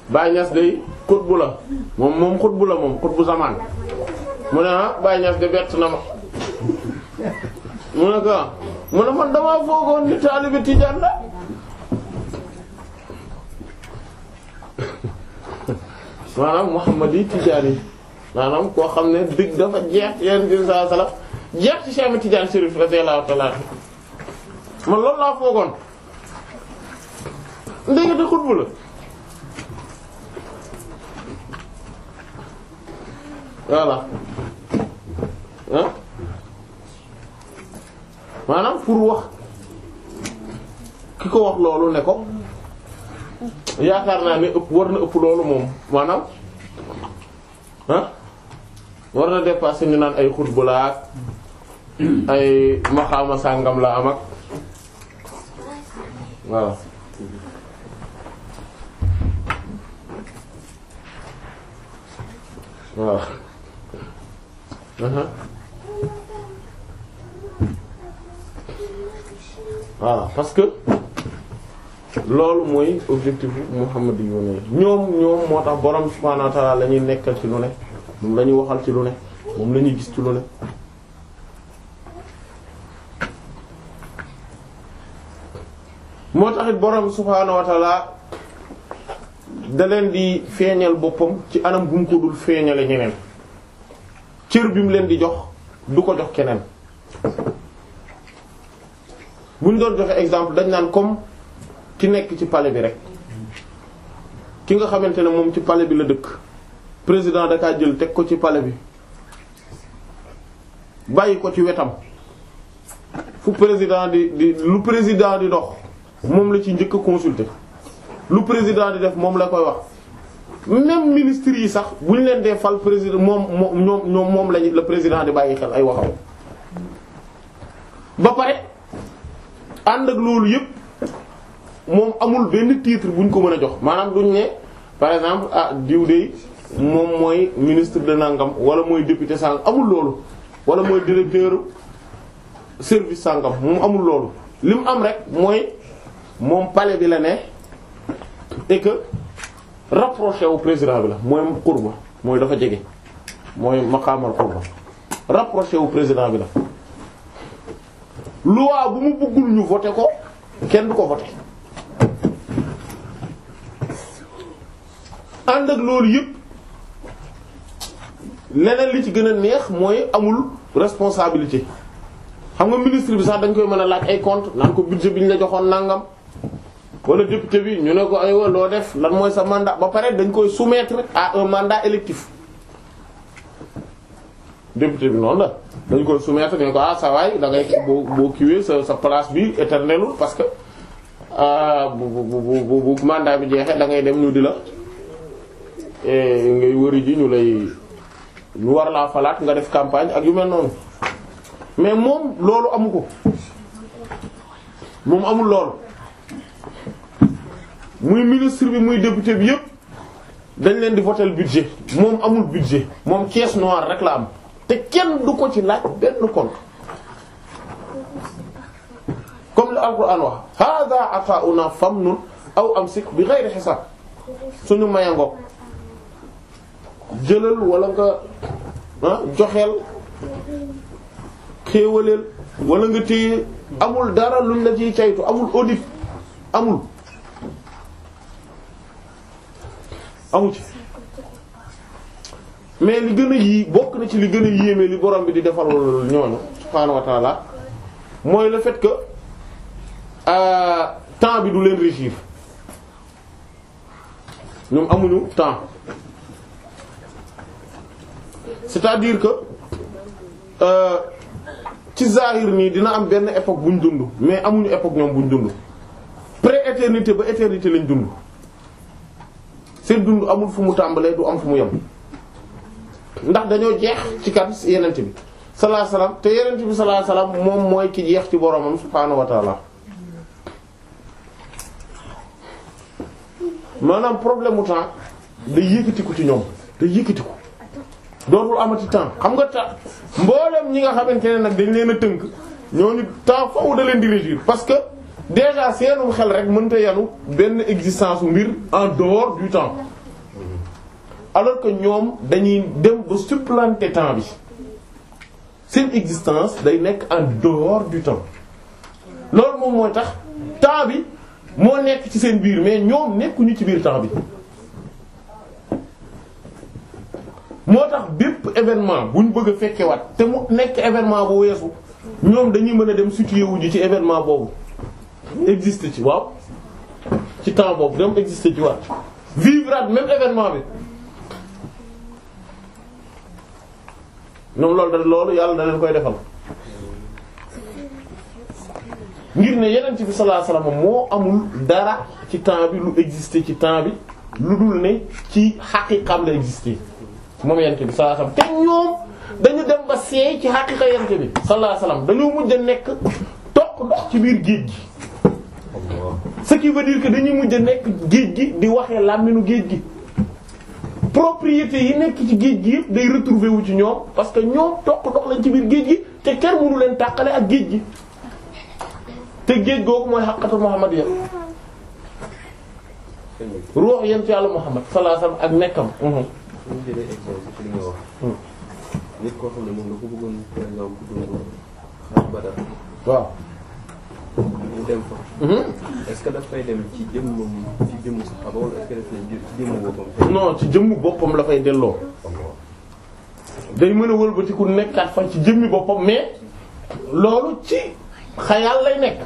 Baye Niass day xutbu la moom moom xutbu la moom xutbu zamaan mu ne ah Baye Niass de bett na ma mu ne ko mu ne man damaa foogoon ni taalibe Tijaan la maanaam Muhammadi Tijaani maanaam koo xam ne digg dafa jeex yenn di saa sala jeex ci Cheikh Tijaan Chérif radiyallahu ta'ala man loolu laa foogoon ndekete xutba la voilà ah maanaam pour wax ki ko wax loolu ne ko yaakaar naa ne ëpp war na ëpp loolu moom maanaam ah war na dépasser ñu naan ay xutba la ak ay maxaama sàngam la am ak voilà waaw voilà uh-huh. parce que loolu mooy objectif bu Muhammad yu ne ñoom ñoom moo tax borom subhaanahu wa ta'aala la ñuy nekkal ci lu ne moom la ñuy waxal ci lu ne moom la gis ci lu ne moo taxit borom subhaanahu wa da leen di feeñal boppam ci anam bu mu ko dul feeñale ñeneen cër bi mu leen di jox du ko jox keneen bu ñu doon joxe exemple dañ naan comme ki nekk ci pale bi rek ki nga xamante ne moom ci pale bi la dëkk président da kaa jël teg ko ci pale bi bàyyi ko ci wetam fu président di di lu président di dox moom la ci njëkk a consulter. lu président di def moom la koy wax même ministre yi sax bu ñu leen dee fal président moom moom ñoom moom lañu la président di bàyyi xel ay waxam ba pare ànd ak loolu yépp moom amul benn titre bu ñu ko mën a jox maanaam duñ ne par exemple ah diw de moom mooy ministre de nangam wala mooy député sangam amul loolu wala mooy directeur service sangam moom amul loolu li am rek mooy moom palais bi la ne. et que rapproché wu président bi la mooy qurba mooy dafa jege mooy maqaamal qurba rapproché wu président bi la loi bu mu bëggul ñu voté ko kenn du ko voté ànd ak loolu yëpp leneen li ci gën a neex mooy amul responsabilité xam nga ministre bi sax dañ koy mën a laaj ay compte naan ko budget bi ñu la joxoon nangam wala député bi ñu ne ko aywa loo def lan mooy sa mandat ba pare dañ koy soumettre à un mandat électif député bi noonu la dañ koy soumettre dañ ko ah sa waay da ngay boo boo kiiwee sa sa place bi éternelul parce que ah, bu bu bu mandat bi jeexee dangay dem ñu di la ngay wëri ji ñu lay ñu war laa falaat nga def campagne ak yu mel noonu mais moom loolu amu ko moom amul loolu. muy ministre bi muy député bi yépp dañ leen di voter budget moom amul budget moom kees noire rek la am te kenn du ko ci laaj benn compte comme le alquran wax hada ata'una famnun aw amsik bi ghayri hisab suñu mayango jëlal wala nga ah, joxeel xéewaleel wala nga téye amul dara luñ la ci caytu amul audit amul amu ci mais li gën a yii bokk na ci li gën a yéeme li borom bi di defal ñooñu subhaanahu wa ta'ala mooy le fait que euh, temps bi du leen régir ñoom amuñu temps c'est-à-dire que euh, ci zahir nii dina am benn époque buñ dund mais amuñu époque ñoom buñ dund pré-éternité ba éternité lañ dund seen dund amul fu mu tàmbalee du am fu mu yem ndax dañoo jeex ci kan yenent bi sallallahu alayhi wasallam te yenent bi salaa alayhi wasallam moom mooy ki jeex ci boromam subhaanahu wa ta'ala maanaam problème mu temps day yëkkatiku ci ñoom day yëkkatiku dootul amati temps xam nga temps mboolem ñi nga xamante ne nag dañ leen a tënk ñoo ñooñu temps foofu da leen di réduire parce que déjà seenum xel rek mënta yanu benn existence u mbir en dehors du temps alors que ñoom dañuy dem ba supplanter temps bi seen existence day nekk en dehors du temps loolu moom mooy tax temps bi moo nekk ci seen biir mais ñoom nekkuñu ci biir temps bi moo tax bépp événement bu ñu bëgg a fekkewaat te mu nekk événement bu weesu ñoom dañuy mën a dem situé wu ci événement boobu existé ci waaw ci temps boobu dem existé ci waaw vivre même événement bi ñoom loolu da loolu yàlla da leen koy defal ngir ne yeneen ci bi sallallahu alayhi moo amul dara ci temps bi lu existé ci temps bi lu dul ne ci xaqiqam la existé moom yeneen ci bi sallallahu alayhi wasallam te ñoom dañu dem ba seey ci xaqiqa yeneen ci bi sallallahu alayhi wasallam dañoo mujj nekk toq dox ci biir géej gi ce qui veut dire que dañuy mujj a nekk géej gi di waxee làmmiñu géej gi propriété yi nekk ci géej gi yëpp day retrouver wu ci ñoom parce que ñoo toq dox lañ ci biir géej gi te kenn mënu leen tàqale ak géej gi te géej googu mooy xaqatu Muhammad ya ruux yéen ci yàlla Muhammad sallallahu ak nekkam. suñu mhm. hmm. waaw. ñu dem fa. Mhm. est ci jëmmu ci jëmmu ci jëmmu boppam. non ci jëmmu boppam la fay delloo. day mën a wëlbatiku nekkaat fan ci jëmmi boppam mais loolu ci xayal lay nekk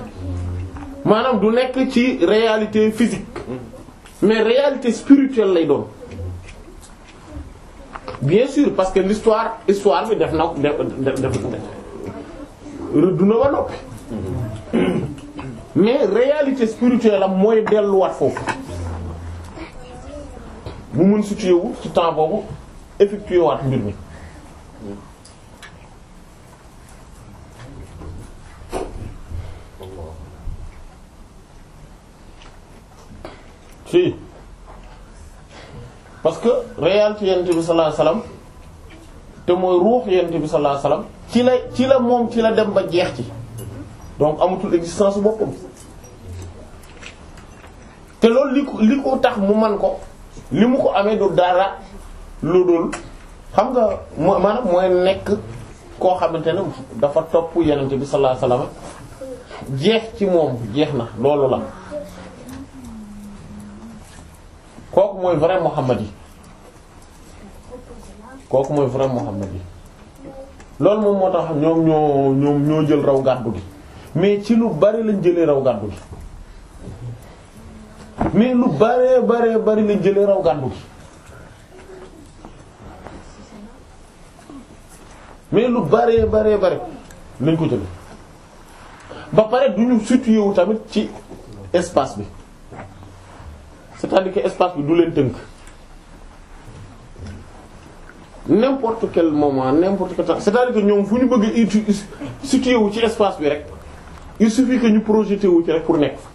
maanaam du nekk ci réalité physique mhm. mais réalité spirituelle lay doon bien sûr parce que l'histoire histoire bi def na def def def dund ba noppi. Mhm. mais réalité spirituelle mooy delluwaat foofu mu mën situé wu ci temps boobu effectué waat mbir mi si parce que réalité yent bi sallallahu alayhi te mooy ruux yent bi sallallahu alayhi ci la ci la moom ci la dem ba jeex ci donc amatul existence boppam te loolu li ko li ko tax mu man ko li mu ko amee du dara lu dul xam nga maanaam mooy nekk koo xamante ne dafa topp yenente bi sallallahu alayhi wasallam jeex ci moom jeex na loolu la kooku mooy vrai Muhammad kooku mooy vrai Muhammad yi loolu moom moo tax ñoom ñoo ñoom ñoo jël raw gàddu gi mais ci lu bari lañ jëlee raw gàddu gi mais lu bari baree bari lañ jëlee raw gàddu gi mais lu baree baree bari lañ ko jëlee ba pare du ñu situé wu tamit ci espace bi c'est-à-dire que bi du leen tënk n'importe quel moment n'importe quel temps c'est-à-dire ñoom fu ñu bëgg situé wu ci espace bi rek. il suffit que ñu projeté wu ci rek pour nekk fa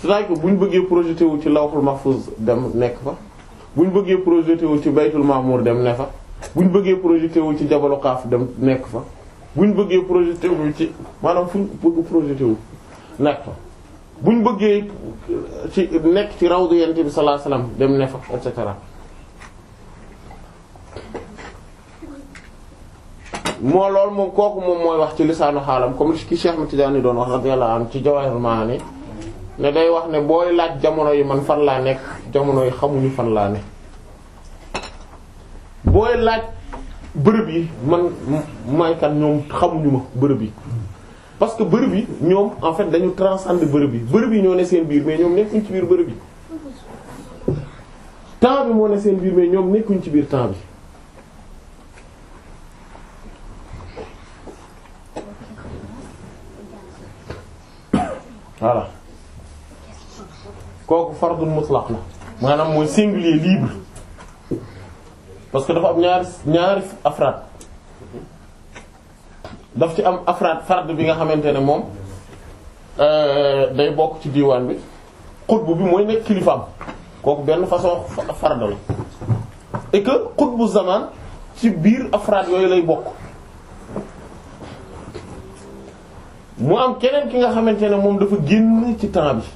c'est-à-dire bu ñu bëggee projeté wu ci lawhul mahfuz dem nekk fa bu ñu bëggee projeté wu ci baytul dem ne fa bu ñu bëggee projeté wu ci jabalu xaaf dem nekk fa bu ñu bëggee projeté wu ci maanaam fu ñu bëgg projeté wu nekk fa bu ñu bëggee ci nekk ci rawdu yonent bi sallallahu dem ne fa cetera. moo lool moom kooku moom mooy wax ci lisaanu xaalam comme ki Cheikh Ahmad Tidiane doon wax radiyallahu anhu ci Jawahir Maani ne day wax ne booy laaj jamono yi man fan laa nekk jamono yi xamuñu fan laa ne booy laaj bërëb yi man may kan ñoom xamuñu ma bërëb yi parce que bërëb yi ñoom en fait dañu transcender bërëb yi bërëb yi ñoo ne seen biir mais ñoom nekkuñ ci biir bërëb yi temps bi moo ne seen biir mais ñoom nekkuñ ci biir temps bi voilà kooku fardul mutlaq la maanaam mooy singulier libre parce que dafa am ñaari ñaari afraad daf ci am afraad fard bi nga xamante ne moom euh, day bokk ci diwaan bi xutbu bi mooy nekk kilifaam kooku benn façon fard la et xutbu zaman ci biir afraad yooyu lay bokk mu am keneen ki nga xamante ne moom dafa génn ci temps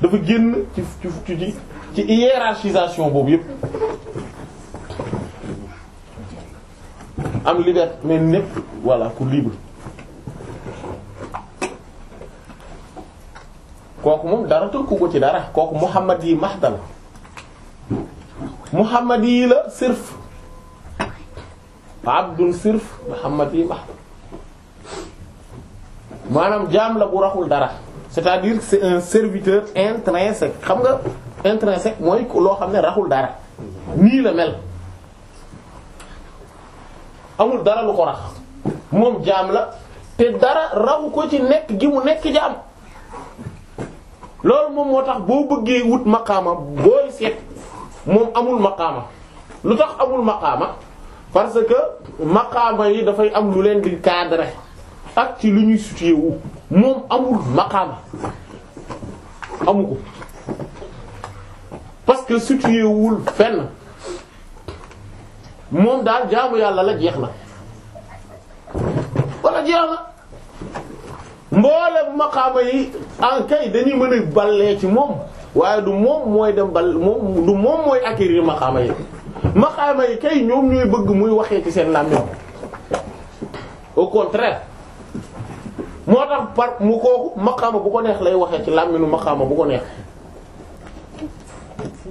dafa génn ci ci ci ci boobu yépp am liberté mais népp voilà ku libre kooku moom dara tënku ko ci dara kooku muhammad yi mahda la muhammad yi la sirf abdun sirf muhammad yi mahda maanaam jaam la bu raxul dara c'est-à-dire c'est un serviteur intrinsèque xam nga intrinsèque mooy loo xam ne raxul dara nii la mel amul dara lu ko rax moom jaam la te dara raxu ko ci nekk gi mu nekk jaam loolu moom moo tax boo bëggee wut maqaama booy seet moom amul maqaama lu tax amul maqaama parce que maqaama yi dafay am lu leen di cadrer ak ci lu ñuy situé moom amul maqaama amu ko parce que situé fenn moom daal jaamu yàlla la jeex na wala jeex na mboolem maqaama yi en ah, kay dañuy mën a ballee ci moom waaye du moom mooy dem bal moom du moom mooy acquérir maqaama yi maqaama yi kay ñoom ñooy bëgg muy waxee ci seen làmmiñ au contraire moo tax par mu kooku maqaama bu ko neex lay waxee ci làmmiñu maqaama bu ko neex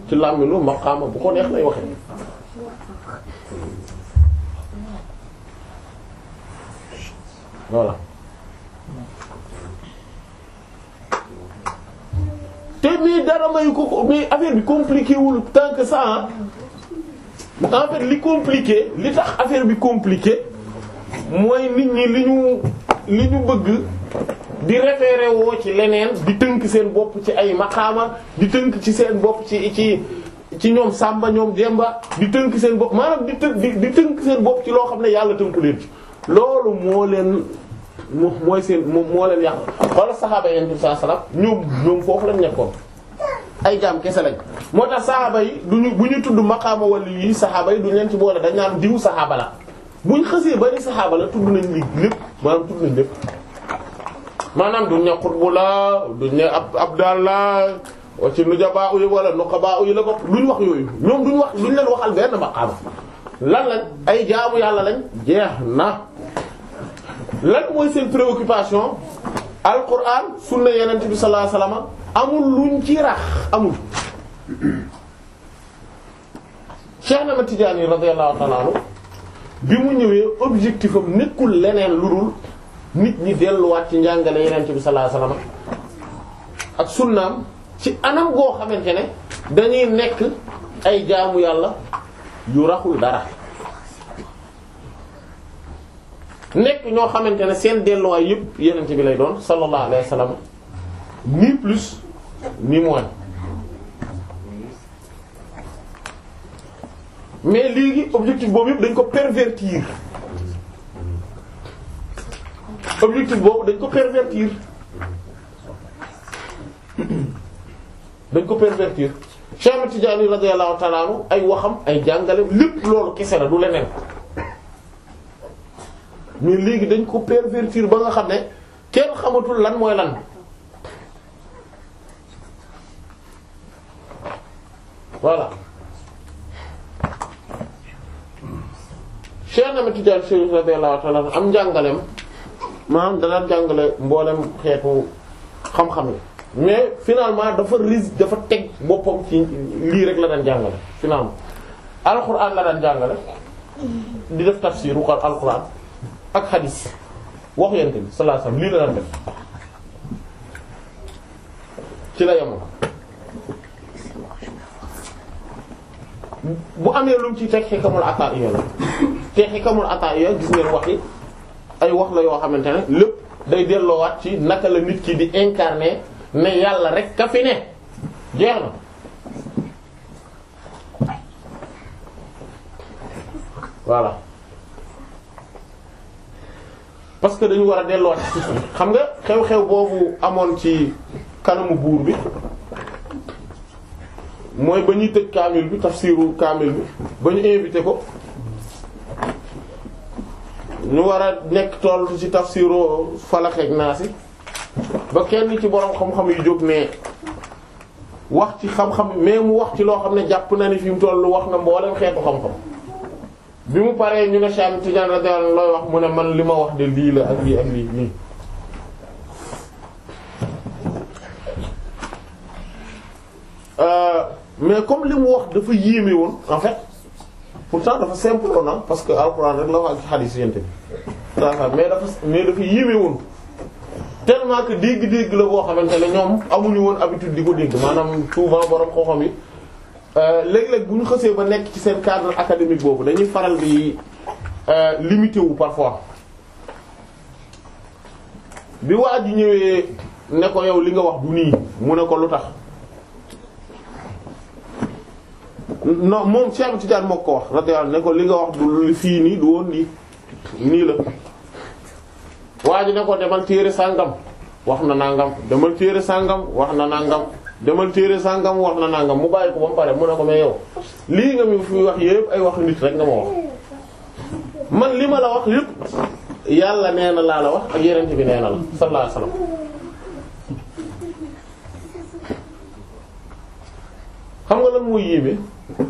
ci làmmiñu bu ko neex lay waxee voilà te mii dara may ko mais affaire bi compliqué wul tant que ça li compliqué li tax affaire bi compliqué mooy nit ñi li ñu li ñu bëgg di référé woo ci leneen di tënk seen bopp ci ay maqaama di tënk ci seen bopp ci ci ci ñoom Samba ñoom Demba di tënk seen bopp maanaam di të di tënk seen bopp ci loo xam ne yàlla tënku leen loolu moo leen mooy seen moo leen yàq wala saxaaba yi yonent bi sallallahu alayhi wasallam ñoom ñoom foofu lañ nekkoon ay jaam kese lañ moo tax saxaaba yi ñu bu ñu tudd maqaama wala yii saxaaba yi duñ leen ci boole dañ naan diw saxaaba la. buñ xasee ba ni saxaaba la tudd nañ li lépp maanaam tudd nañ lépp maanaam duñ ne xutbu la duñ ne ab abdal la ci nujabaa yi wala nuqabaa yi la bokk luñ wax yooyu ñoom duñ wax luñ leen waxal benn maqaama lan lañ ay jaamu yàlla lañ jeex na lan mooy seen préoccupation alquran sunna yenent bi sallallahu alayhi amul luñ ci rax amul Cheikh ma Tijaani radiyallahu ta'ala bi mu ñëwee objectif am nekkul leneen lu dul nit ñi delluwaat ci njàngale yeneen bi sallallahu ak sunnaam ci anam goo xamante ne dañuy nekk ay jaamu yàlla yu raxul dara nekk ñoo xamante ne seen delluwaay yëpp yeneen bi lay doon sallallahu alayhi wasallam ni plus ni moins. mais léegi objectif boobu yëpp dañ ko pervertir objectif boobu dañ ko pervertir dañ ko pervertir Cheikh Ahmed Tidiane radiyallahu ay waxam ay jàngale lépp loolu kese la du leneen mais léegi dañ ko pervertir ba nga xam ne kenn xamatul lan mooy lan voilà Cheikh Ahmed Tidiane Chérif radiyallahu ta'ala am njàngaleem maanaam dana jàngale mboolem xeetu xam-xam yi mais finalement dafa risque dafa teg boppam ci lii rek la daan jàngale finalement alxuraan la daan jàngale di def tafsiru alxuraan ak xadiis wax yent bi sallallahu alayhi wasallam lii la daan def ci la yemoon bu amee lu mu ci teg xekamul attaar yooyu la teex te xikamul ataa yooyu gis neen wax yi ay wax la yoo xamante ne lépp day delloowaat ci naka la nit ki di incarner ne yàlla rek ka fi ne jeex na. voilà parce que dañu war a delloo xam nga xew-xew boobu amoon ci kanamu buur bi mooy ba ñuy tëj kaamil bi tafsiru kaamil bi ba ñu invité ko ñu war a nekk toll ci tafsiru Falaq naa si ba kenn ci borom xam-xam yu jóg ne wax ci xam-xam mais mu wax ci loo xam ne jàpp na ni fi mu toll wax na mboolem xeetu xam-xam bi mu paree ñu ne Cheikh Tidiane radiyallahu looy wax mu ne man li ma wax de lii la ak lii ak lii nii. Euh, mais comme li mu wax dafa yéeme woon en fait. pourtant dafa simple woon na ah, parce que alxuraan rek la wax ak xadiis yente bi mais dafa mais dafa yéeme woon tellement dégg-dégg la boo xamante ne ñoom amuñu woon habitude di ko dégg maanaam souvent borom koo xam yi euh, léeg-léeg bu ñu xësee ba nekk ci seen cadre académique boobu dañuy faral di euh, limité wu parfois bi waa yi ñëwee ne ko yow li nga wax du nii mu ne ko lu tax non moom Cheikh Tidiane moo ko wax radiyallahu ne ko li nga wax du fii nii du woon lii nii la waa ji ne ko demal téere sàngam wax na nangam demal téere sàngam wax na nangam demal téere sàngam wax na nangam mu bàyyi ko ba mu pare mu ne ko mais yow lii nga mi fi wax yépp ay waxu nit rek nga ma wax man li ma la wax yépp yàlla nee na laa la wax ak yeneen bi nee na la sallallahu alayhi xam nga lan mooy yéeme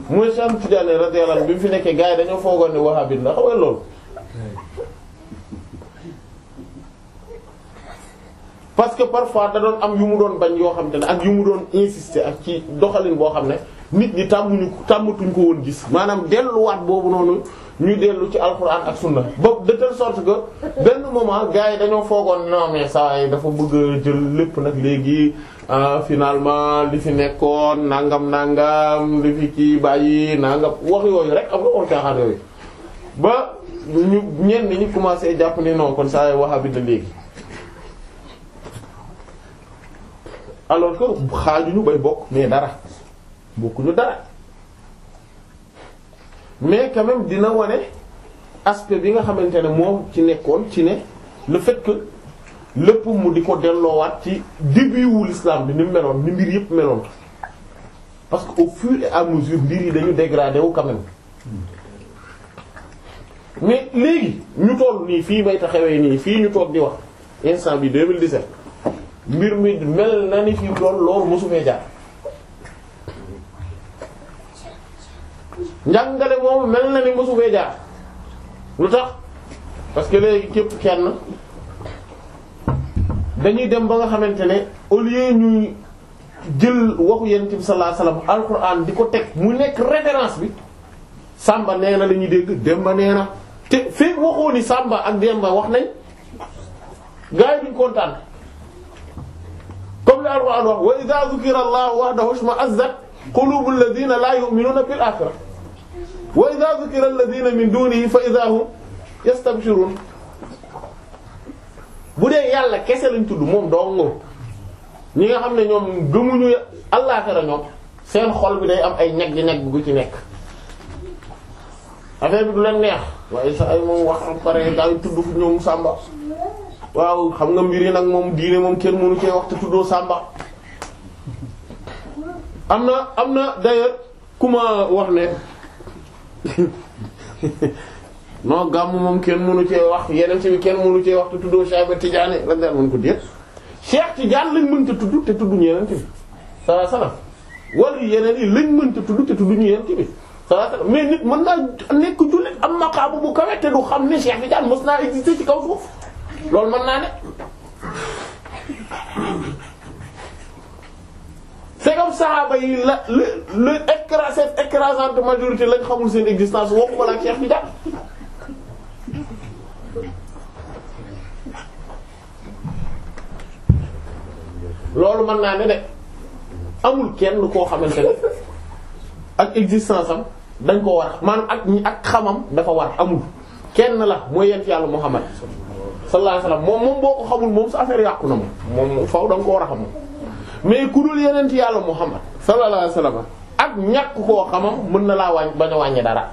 mooy Cheikh Tidiane radiyallahu anhu bi mu fi nekkee gars yi dañoo foogoon ne wahhabite la xam nga loolu. parce que parfois da doon am yu mu doon bañ yoo xam te ne ak yu mu doon insister ak ci doxalin boo xam ne nit ñi tàmmuñu tàmmatuñ ko woon gis maanaam delluwaat boobu noonu ñuy dellu ci alxuraan ak sunna boobu de telle sorte que benn moment gars yi dañoo foogoon non mais saa yi dafa bëgg a jël lépp nag léegi Ah, finalement li fi nekkoon nangam nangam li fi kii bàyyi nangam wax yooyu rek am na woon caaxaan yooyu ba ñu ñenn ñi commencé jàpp ni non kon saa wax waxabi la léegi alors que xaaju ñu bay bokk mais dara bokkuñu dara mais quand dina wane aspect bi nga xamante ne moom ci nekkoon ci ne le fait lépp mu di ko delloowaat ci début wu l'islam bi ni meloon ni mbir yëpp meloon parce que au fur et à mesure mbir yi dañu dégradé wu quand mais léegi ñu toll nii fii bay taxawee nii fii ñu toog di wax instant bi 2017 mbir mi mel na ni fi doon loolu mosu fee jaar njàngale moomu mel na ni mosu fee jaar lu tax parce que léegi képp kenn. dañuy dem ba nga xamante ne au lieu ñuy jël waxu yonent bi sallallahu alayhi wasallam di ko teg mu nekk référence bi Samba nee na la ñuy dégg Demba nee na te fekk waxoo Samba ak Demba wax nañ gars yi duñ kontaan comme li alquran wax wa idha dhukira allahu wahdahu ishma'azzat qulubu alladhina la yu'minuna bil akhirah wa idha dhukira alladhina min dunihi fa idha hum yastabshirun bu dee yàlla kese lañ tudd moom dong ñi nga xam ne ñoom gëmuñu àllaaxira ñoom seen xol bi day am ay ñeg di ñeg bu ci nekk affaire bi du leen neex waaye sa ay moom wax pare daay tudd fu ñoom sàmba waaw xam nga mbir yi nag moom diine moom kenn mënu ci wax te tuddoo sàmba am na am na d'ailleurs ku ma wax ne non gàmm moom kenn mënu cee wax yeneen ci bi kenn mënu cee wax te tuddoo Cheikh Ahmed Tidiane lañ daan mën ko déet Cheikh Tidiane lañ mënta tudd te ci bi sallallahu alayhi wasallam wala yeneen yi lañ mënta tudd te tudduñu yeneen ci bi sallallahu alayhi wasallam mais nit mën naa nekk jullit am maqaamu bu kawe te du xam ne Cheikh Tidiane mos naa exister ci kaw suuf loolu mën naa ne. c'est comme saxaaba yi la le le écrasé écrasante majorité lañ xamul seen existence waxuma la Cheikh Tidiane. loolu mën naa ne de amul kenn koo xamante ne ak existence am dañ koo war man ak ak xamam dafa war amul kenn la mooy yent yàlla Muhammad sallallahu alayhi wasallam moom moom boo ko xamul moom sa affaire yàqu na moom moom faw da koo ko war a xam moom mais ku dul yenent yàlla Muhammad sallallahu alayhi wasallam ak ñàkk koo xamam mën na laa wàññ bañ a wàññi dara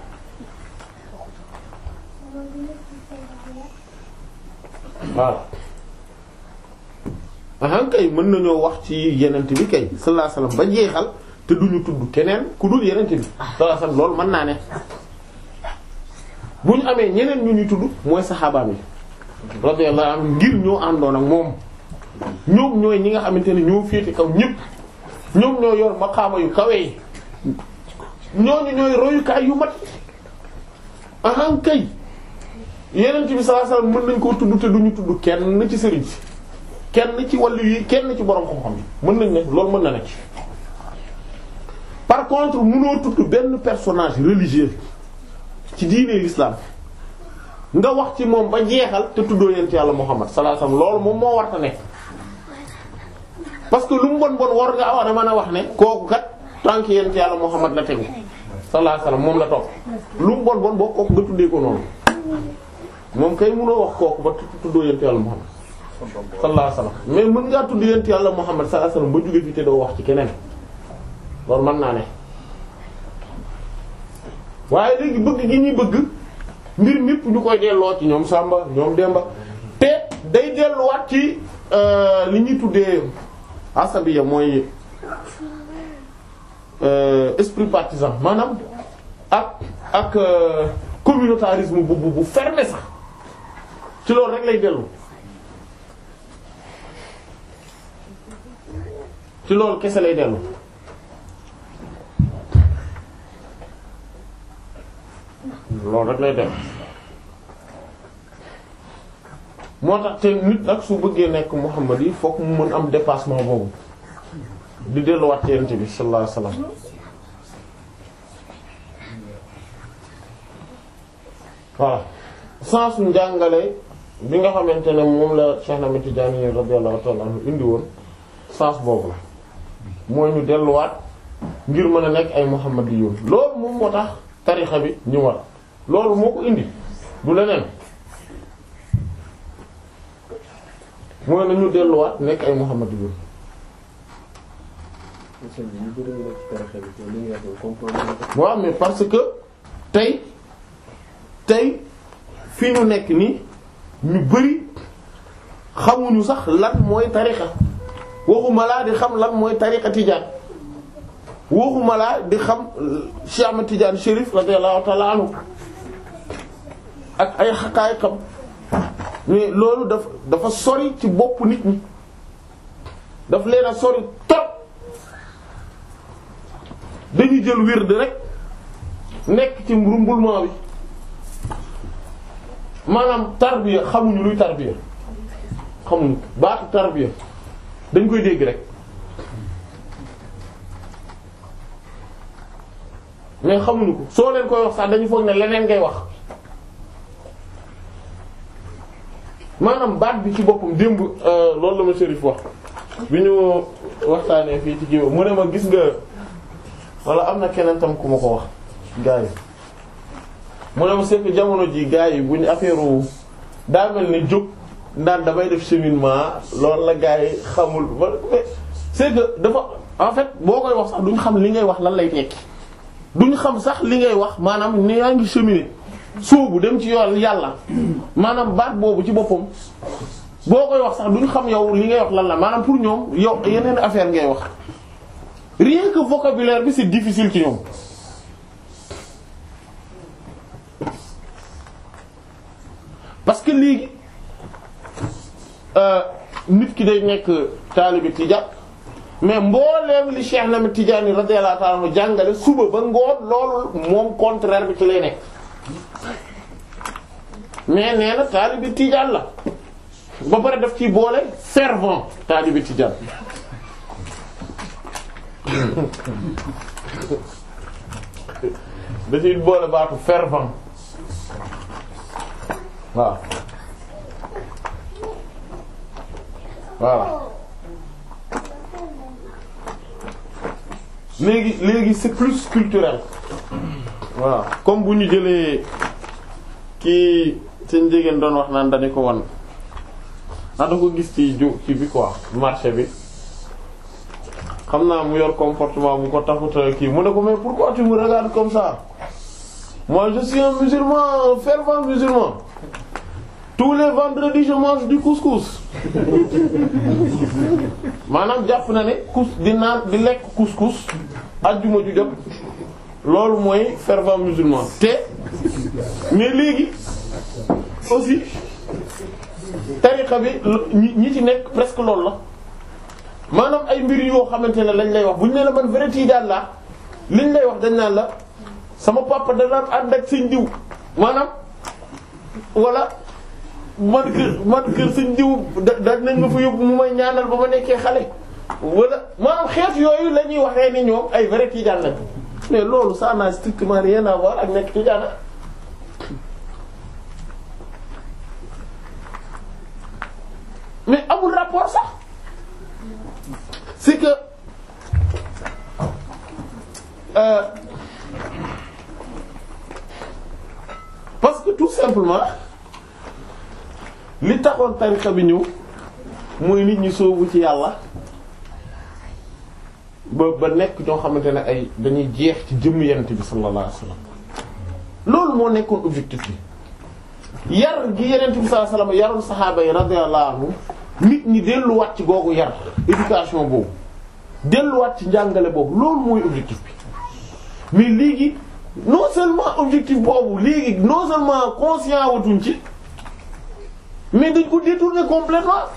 waaw ah kay mën nañoo wax ci yenent bi kay sallallahu alayhi wasallam ba jeexal te duñu tudd keneen ku dul yenent bi sallallahu alayhi loolu mën naa ne bu ñu amee ñeneen ñu ñuy tudd mooy saxaabaam yi radiyallahu anhum ngir ñoo àndoon ak moom ñoom ñooy ñi nga xamante ne ñoo féete kaw ñëpp ñoom ñoo yor maqaama yu kawe ñoo ñooñu ñooy royukaay yu mat aham kay yenent bi sallallahu alayhi wasallam mën nañ koo tudd te duñu tudd kenn ci sëriñ kenn ci wàllu yi kenn ci borom xam-xam yi mën nañ ne loolu mën na nekk par contre mënoo tudd benn personnage religieux ci diine l'islam nga wax ci moom ba jeexal te tuddoo yent yàlla Muhammad sallallahu alayhi wasallam loolu moom moo war ta nekk parce que lu mu bon mën a wax ne kooku gat tant que yent yàlla Muhammad la tegu sallallahu moom la topp lu mu bon bon boo kooku nga tuddee ko noonu moom kay mënoo wax kooku ba tuddoo yent yàlla Muhammad sallallahu alayhi wasallam mais mën ngaa tudd yent yàlla Muhammad sallallahu alayhi wasallam ba jóge fi te doo wax ci keneen loolu mën naa ne waaye léegi bëgg gi ñuy bëgg mbir mépp ñu koy delloo ci ñoom Samba ñoom Demba te day delluwaat ci euh, li ñuy tuddee asabiya mooy euh, esprit partisan maanaam ak ak euh, communautarisme bu bu bu fermé sax ci loolu rek lay dellu ci loolu kese lay dellu loolu rek lay dem moo tax te nit nag su bëggee nekk Muhammad yi fokk mu mën am dépassement boobu di delluwaat ci Yonent bi sallallahu alayhi wasallam voilà njàngale bi nga xamante ne moom la Cheikh Ahmed Tidiane radiyallahu ta'ala anhu indi woon sens boobu la mooy ñu delluwaat ngir mën a nekk ay muhammadiyun loolu moom moo tax tarixa bi ñu war loolu moo ko indi du leneen mooy na ñu delluwaat nekk ay muhammadiyun moo amee parce que tey tey fii ñu nekk nii ñu bari xamuñu sax lan mooy tarixa waxuma laa di xam lan mooy tariqa tijaan waxuma laa di xam eh, Cheikh Ahmad Tidiane Chérif radiyallahu ta'ala ak ay xaqaay xam mais loolu daf dafa sori ci bopp nit ñi daf leen a sori trop dañu jël wird rek nekk ci rumbulement bi maanaam tarbiya xamuñu luy tarbiya xamuñu baatu tarbiya dañ koy dégg rek mais xamuñu ko soo leen koy wax sax dañu foog ne leneen ngay wax maanaam baat bi ci boppam démb euh, loolu la ma Chérif wax bi ñu waxtaanee fii ci jiw mu ne ma gis nga wala am na keneen tam ku ma ko wax gars yi mu ne ma c'est jamono ji gaa yi bu ñu affaire wu daa jóg. naan damay def cheminement loolu la gaa yi xamul ba c'est que dafa en fait boo koy wax sax duñ xam li ngay wax lan lay tekki duñu xam sax li ngay wax maanaam ni yaa ngi cheminer sóobu dem ci yoon yàlla maanaam baat boobu ci boppam boo koy wax sax duñ xam yow li ngay wax lan la maanaam pour ñoom yow yeneen affaire ngay wax rien que vocabulaire bi si difficile ci ñoom. parce que Euh, nit ki day nekk taalibi tijaan mais mbooleem li Cheikh Ahmed Tidiane radiyallahu ta'ala anhu jàngale suba ba ngoon loolu moom contraire bi ci lay nekk mais nee na taalibi tijaan la ba pare daf ciy boole fervent taalibi tijaan da ciy boole baatu fervent waaw. voilà léegi léegi c'est plus culturel voilà comme bu ñu jëlee kii seen jigéen doon wax naan dañu ko wan naa da ko gis ci ju ci bi quoi marché bi xam naa mu yor comportement bu ko taxuta kii mu ne ko mais pourquoi tu me regardes comme ça moi je musulman un fervent musulman tous les vendredis je mange du couscous maanaam jàpp na ne cous di naan di lekk couscous ajjuma ju jot loolu mooy fervent musulman te mais léegi aussi tariqa bi ñi ci nekk presque loolu la maanaam ay mbir yoo xamante ne lañ lay wax bu ñu ne la man vrai tiijaan laa liñ lay wax dañ naan la sama papa da daan ànd ak diw maanaam wala man kër man kër sañ diw dañ nañ ma fa yóbbu mu may ñaanal ba ma nekkee xale wala maanaam xeet yooyu la ñuy waxee ni ñoom ay vrai tijaan lañ mais loolu saa n'a strictement rien à voir ak nekk tijaan mais amul rapport sax c'est que euh, tout simplement li taxoon tariqa bi ñëw mooy nit ñi soobu ci yàlla ba ba nekk ñoo xamante ne ay dañuy jeex ci jëmm yonent bi sallallahu alayhi loolu moo nekkoon objectif bi yar gi yonent bi sallallahu alayhi wasallam yarul saxaaba yi radiyallahu anhu nit ñi delluwaat ci googu yar éducation boobu delluwaat ci njàngale boobu loolu mooy objectif bi mais léegi non seulement objectif boobu léegi non seulement conscient watuñ ci mais dañ ko détourné complètement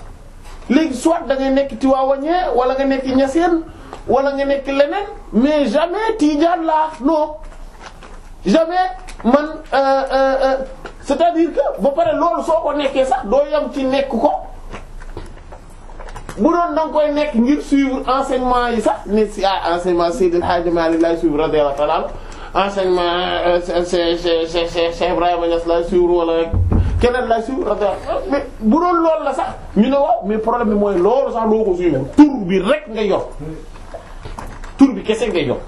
léegi soit da ngay nekk Tiwaawañe wala nga nekk Ñaseen wala nga nekk leneen mais jamais Tiijaan laa non jamais man euh, euh, euh, c'est-à-dire que ba pare loolu soo ko nekkee sax doo yam ci nekk ko bu doon da nga koy nekk ngir suivre enseignement yi sax ne si ah enseignement Seydil Hadji Malick laay suivre radiyallahu ta'ala enseignement Cheikh Cheikh Cheikh Ibrahima Niass laay suivre wala keneen laay suivre ak mais bu doon loolu la sax ñu ne waaw mais problème bi mooy loolu sax doo ko suivre hmm. tur bi rek nga yor hmm. tur bi kese nga yor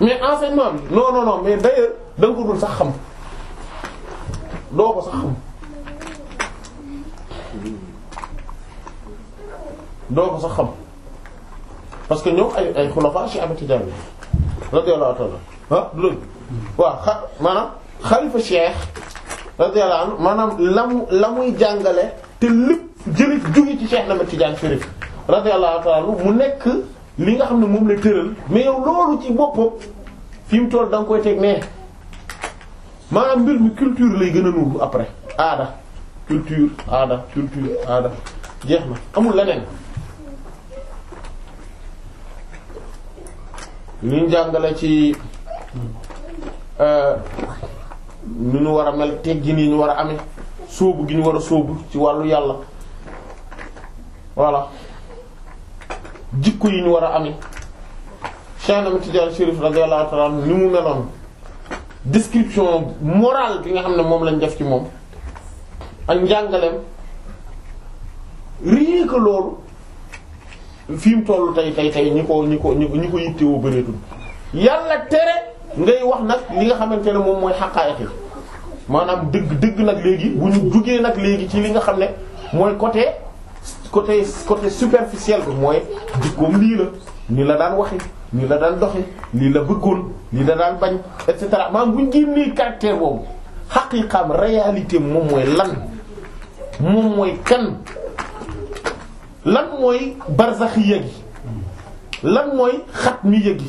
mais enseignement bi non non non mais d'ailleurs da nga sax xam doo ko sax xam. doo ko sax xam. parce que ñoom ay ay xulafa Cheikh Ahmed Tidiane radiyallahu ta'ala ah du dëgg waaw xa maanaam xalifa Cheikh radiyallahu anhu maanaam la mu la muy jàngale te lépp jëli jóge ci Cheikh Ahmed Tidiane Chérif radiyallahu ta'ala mu nekk li nga xam ne moom la tëral mais yow loolu ci boppam fi mu toll danga nga koy teg nee maanaam mbir mi culture lay gën a nuru après aada culture aada culture aada jeex na amul leneen. li ñu jàngale ci euh, nu war a mel teggin yi ñu war a amee sóobu gi ñu war a sóobu ci wàllu yàlla voilà jikko yi ñu war a amee Cheikh Ahmed Tidiane Chérif radiyallahu ta'ala ni mu meloon description morale bi nga xam ne moom lañ def ci moom ak njàngaleem rien que loolu fi mu toll tey tey tey ñi ko ñi ko ñi ko yittewoo bëreetul yàlla tere ngay wax nag li nga xamante ne moom mooy xaqaayiq yi maanaam dëgg dëgg nag léegi bu ñu jugee nag léegi ci li nga xam ne mooy côté côté côté superficiel bi mooy jikkoom lii la nii la daan waxi nii la daan doxi lii la bëggoon lii la daan bañ et cetera maanaam bu ñu génnee caractère boobu xaqiiqaam réalité moom mooy lan moom mooy kan lan mooy barzax yi yëgi lan mooy xat mi yëgi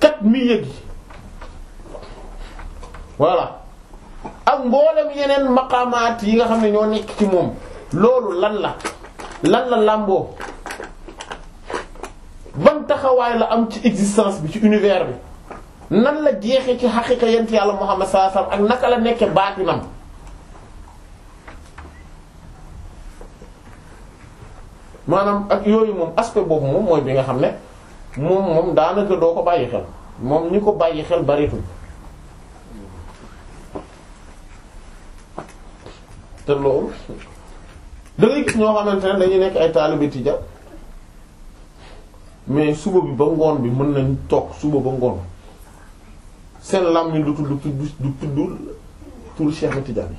kat mi yëgi voilà ak mboolem yeneen maqaamaat yi nga xam ne ñoo nekk ci moom loolu lan la lan la làmboo ban taxawaay la am ci existence bi ci univers bi nan la jeexee ci xaqiqa yent yàlla Muhammad sallallahu alayhi wasallam ak naka la nekke baatinam maanaam ak yooyu moom aspect boobu moom mooy bi nga xam ne moom moom daanaka doo ko bàyyi xel moom ñi ko bàyyi xel baritul te loolu da gis ñoo xamante ne dañuy nekk ay taalibe tija mais suba bi ba ngoon bi mën nañ toog suba ba ngoon seen làmmiñ du tudd du tudd tur Cheikh Tidiane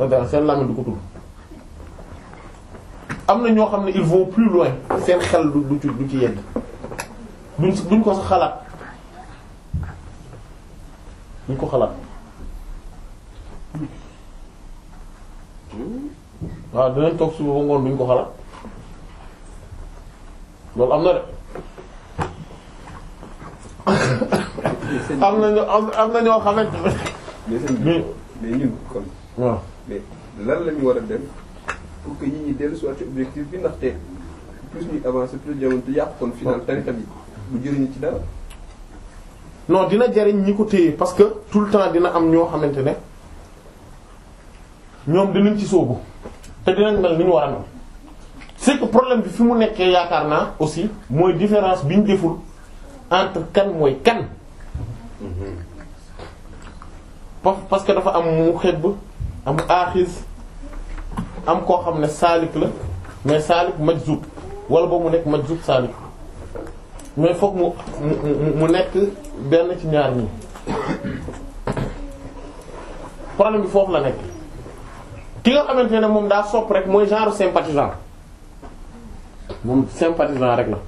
yi seen làmmiñ du ko tudd am na ñoo xam ne ils vont plus loin seen xel du ci du ci yegg duñ duñ ko sa xalaat duñ ko xalaat waaw dinañ toog suba ba ngoon duñ ko xalaat loolu am na de am na ñoo am na ne mais waaw war a dem pour que nit ñi dellu si waat ci objectif bi ndaxte plus ñuy avancer plus jamono te yàqu kon final tarixa bi bu jëriñu ci dara. non dina jariñ ñi ko téye parce que tout le temps dina am ñoo xamante ne ñoom dinañ ci soobu te dinañ mel ni ñu war a mel c'est problème bi fi mu nekkee yaakaar naa aussi mooy différence bi ñu deful entre kan mooy kan. Mhm. parce que dafa am mu xet ba am aaxis am koo xam ne saalik la mais saalik majzub wala ba mu nekk majzub saalik mais fokk mu nekk benn ci ñaar ñi problème bi foofu la nekk ki nga xamante ne moom daa sopp rek mooy genre sympathisant moom sympathisant rek la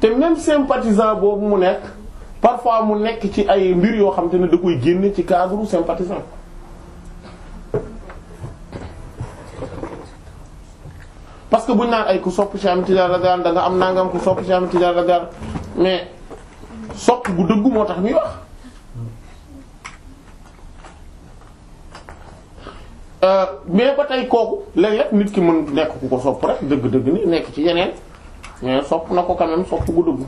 te même sympathisant boobu mu nekk parfois mu nekk ci ay mbir yoo xam te ne da koy génne ci cadre sympathisant parce que buñ naan ay ku sopp Cheikh Ahmed Tidiane danga anhu da nga am nangam ku sopp Cheikh Ahmed Tidiane radiyallahu mais sopp gu dëggu moo tax ñuy wax. Euh, mais ba tey kooku léeg-léeg nit ki mën nekk ku ko sopp rek dëgg-dëgg ni nekk ci yeneen mais sopp na ko quand même sopp gu dëgg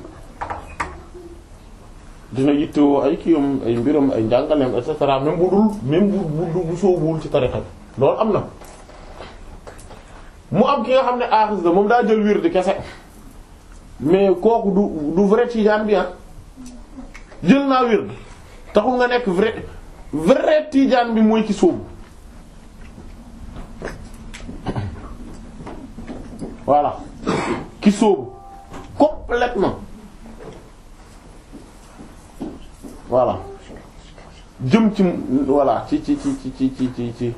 dina yittewoo ay kiyam ay mbiram ay njàngaleem et cetera même bu dul même bu ci tarixa bi loolu am na. mu am ki nga xam ne aaxis la moom daa jël di kese mais kooku du du vrai tijaan bi ah jël naa wird taxul nga nekk vrai vrai bi mooy ci sóobu voilà ki soobu complètement voilà jëm ci voilà ci ci ci ci ci ci ci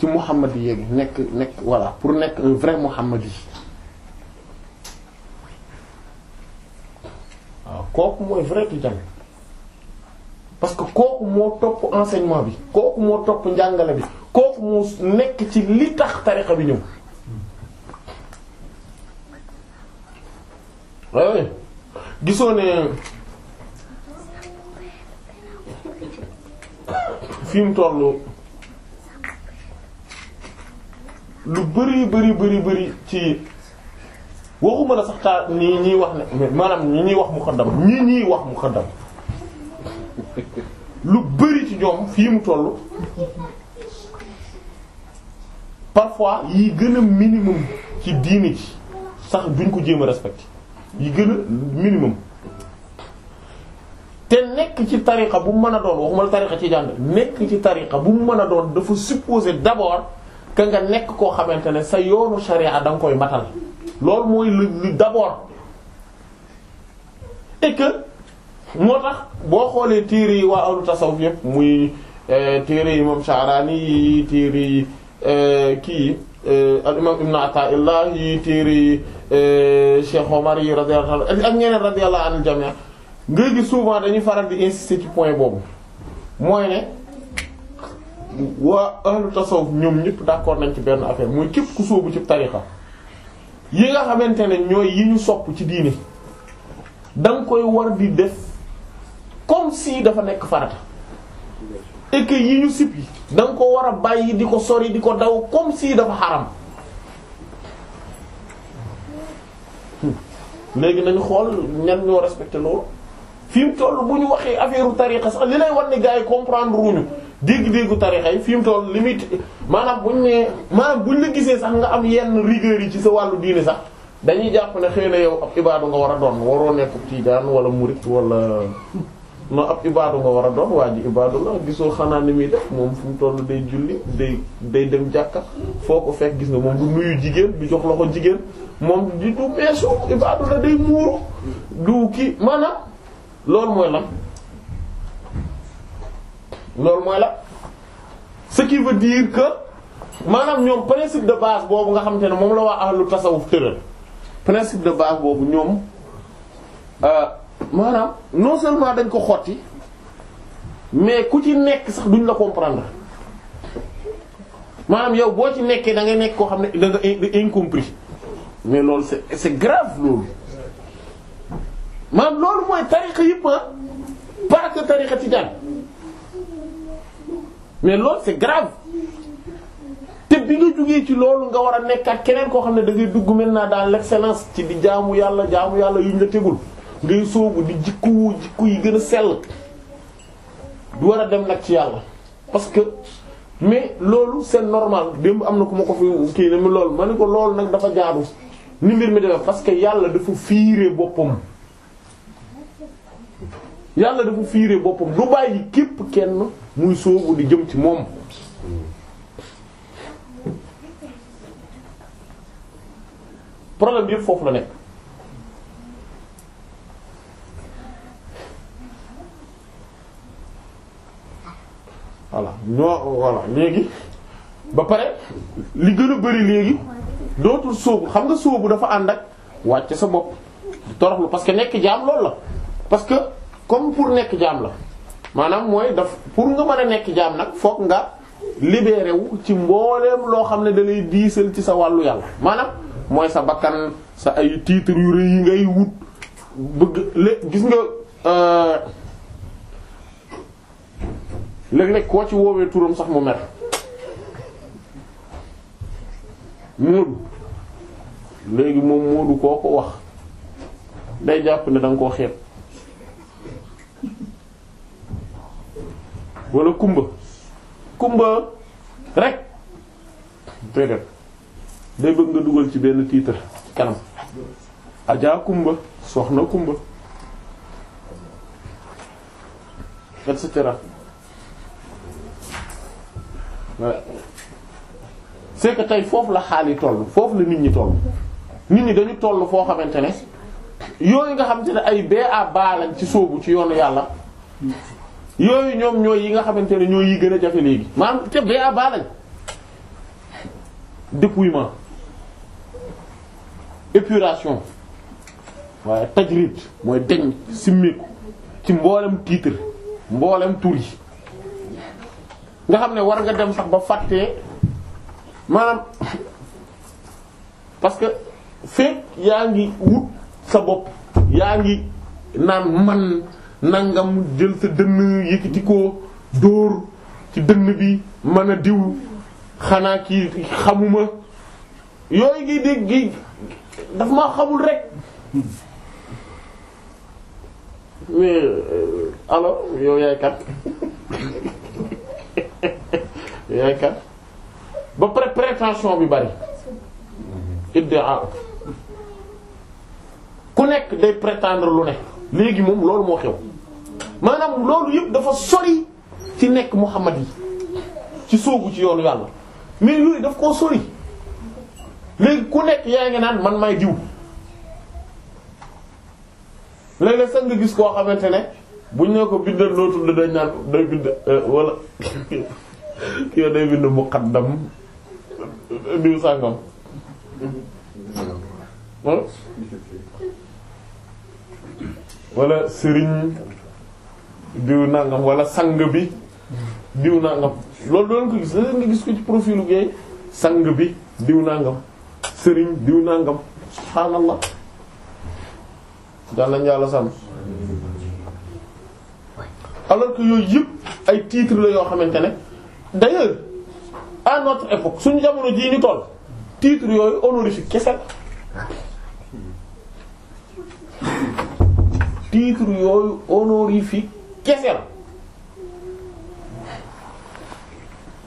ci Muhammad yéeg nekk nekk voilà pour nekk un vrai Muhammad yi waaw kooku mooy vrai tijaan parce que kooku moo topp enseignement bi kooku moo topp njàngale bi kooku moo nekk ci li tax tarixa bi ñëw waaye ah gisoo ne fi mu tollu lu bari bëri bari bëri ci waxuma la sax taa ñii ñuy wax ne maanaam ñi ñuy wax muqaddam ñii ñuy wax muqaddam lu bëri ci ñoom fii mu toll parfois yi gën a minimum ci diini ci sax duñ ko jéem a respecté yi gën a minimum te nekk ci tariqa bu man a doon waxuma la tariqa ci jàng nekk ci tariqa bu mu a doon dafa supposer d'abord que nga nekk koo xamante ne sa yoonu sharia da nga koy matal loolu mooy lu d'abord et que moo tax boo xoolee téere yi waa ahlu tasawuf yëpp muy eh, téere yi moom Sha'rani yi téere yi eh, kii yi eh, al imam Ibn Ata'illah yi téere yi Cheikh Omar yi radiyallahu anhu ak ñeneen radiyallahu anil nga gis souvent dañuy faral di insister ci point boobu mooy ne waa ahlu ñoom ñépp d'accord nañ ci benn affaire mooy képp ku sóobu ci tarixa yi nga xamante ne ñooy yi ñu sopp ci diine danga koy war di def comme si dafa nekk farata et yi ñu sib yi danga ko war a bàyyi di ko sori di ko daw comme si dafa xaram léegi nañu xool ñan ñoo respecté loolu fi mu toll bu ñu waxee affaire tariqa sax li lay war ni gaa yi comprendre ruñu dégg-déggu tarixa yi fi mu toll limite maanaam buñ nee maanaam buñ la gisee sax nga am yenn rigueur yi ci sa wàllu diini sax dañuy jàpp ne xëy na yow ab ibaadu nga war a doon waroo nekk tiijaan wala murit wala non ab ibaadu nga war a doon waa ji ibaadu la gisoo xanaa ni muy def moom fu mu toll day julli day day dem jàkka foo ko fekk gis nga moom du nuyu jigéen du jox loxo jigéen moom du meesu ibaadu la day muuru du ki maanaam loolu mooy lan loolu mooy la ce qui veut dire que maanaam ñoom principe de base boobu nga xamante ne moom la waa ahlu tasawuf tëral principe de base boobu ñoom euh, maanaam non seulement dañ ko xotti mais ku ci nekk sax duñ la comprendre maanaam yow boo ci nekkee da ngay nekk koo xam ne da nga incompris mais loolu c'est c'est grave loolu maanaam loolu mooy tariqa yëpp ah, parce que tariqa tijaan mais loolu c'est grave te bi nga jógee ci loolu nga war a nekk ak keneen koo xam ne da ngay dugg maintenant dans l'excellence ci di jaamu yàlla jaamu yàlla yuñ la tegul ngay soobu di jikku jikku yi gën a sell du war a dem nag ci yàlla parce que mais loolu seen normal démb am na ku ma ko fi kii ne mi loolu ma ne ko loolu nag dafa jaadu ni mbir mi demee parce que yàlla dafa fiire boppam yàlla dafa fiire boppam du bàyyi képp kenn muy sóobu di jëm ci moom problème bi yëpp foofu la nekk voilà ñoo voilà léegi ba pare li gën a bari léegi dootul sóobu xam nga sóobu dafa ànd ak wàcc sa bopp toroxlu parce que nekk jaam loolu la parce comme pour nekk jaam la maanaam mooy daf pour nga mën a nekk jaam nag fokk nga libéré wu ci mbooleem loo xam ne dalay lay diisal ci sa wàllu yàlla maanaam mooy sa bakkan sa ay titres yu rëy yi ngay wut bëgg lé gis nga euh, léeg-léeg koo ci woowee turam sax mu mer Moodu léegi moom Moodu koo ko wax day jàpp ne da nga koo xeeb. wala kumba kumba rek déedéet day bëgg nga dugal ci benn titre kanam ajaa kumba soxna kumba et cetera c'est que tey foofu la xaal yi toll foofu la nit ñi toll nit ñi dañu toll foo xamante ne yooyu nga xamante ne ay bee a baalañ ci sóobu ci yoonu yàlla yooyu ñoom ñooy yi nga xamante ne ñooy yi gën a jafe léegi maanaam te ba ba lañ dépouillement épuration waaye tajrid mooy deñ simmiku ci mboolem tiitre mboolem tur nga xam ne war nga dem sax ba fàttee maanaam parce que fekk yaa ngi wut sa bopp yaa ngi naan man nangam jël sa dënn yëkkati ko dóor ci dënn bi mën a diw xanaa kii xamuma yooyu ngi dégg gi daf maa xamul rek mais euh, yow yaay kat yaay kat ba pare prétention bi bari idda ku nekk day prétendre lu ne léegi moom loolu moo xew maanaam loolu yëpp dafa sori ci nekk Muhammad yi ci sóobu ci yoonu yàlla mais yooyu daf koo sori léegi ku nekk yaa ngi naan man may diw léeg-léeg sax nga gis koo xamante ne buñ ne ko bindal noo tudd dañ naan day bind euh, wala kii day bind muqaddam diw sàngam wala sëriñ diw nangam wala sang bi diw nangam loolu doon ko gis la nga gis ko ci profilu gay sang bi diw nangam sëriñ diw nangam subhaanallah daan lañ yàlla sàmm alors yooyu yëpp ay tiitre la yoo xamante ne d'ailleurs à notre époque suñu jamono jii ñu toll tiitre yooyu honorifique kese titre yooyu honorifique kese la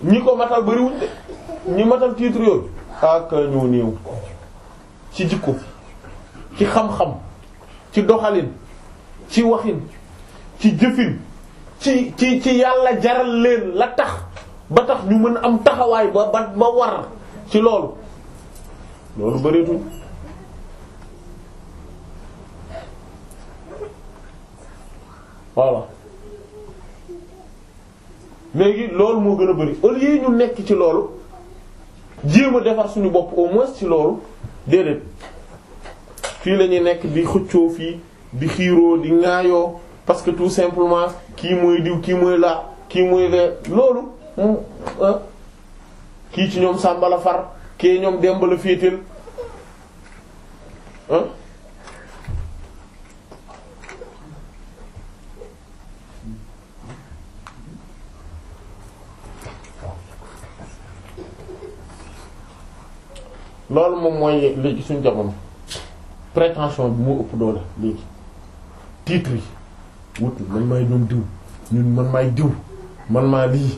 ñi ko matal bariwuñ ñi matal titre yooyu ak ah ñoo néew ci jikko ci xam-xam ci doxalin ci waxin ci jëfin ci ci ci yàlla jaral leen la tax ba tax ñu mën am taxawaay ba ba ba war ci loolu loolu bëreetuñ voilà léegi loolu moo gën a bari au lieu ñu nekk ci loolu jéem a defar suñu bopp au moins ci loolu déedéet fii lañuy nekk di xuccoo fii di xiiroo di ŋaayoo parce que tout simplement kii mooy diw kii mooy laa kii mooy lee loolu ah, kii ci ñoom sàmbala far kii ñoom dembala féetal ah. loolu moom mooy léegi suñ jamono prétention bi moo ëpp doole léegi titre yi wutul man maay ñoom diw ñun man maay diw man maa lii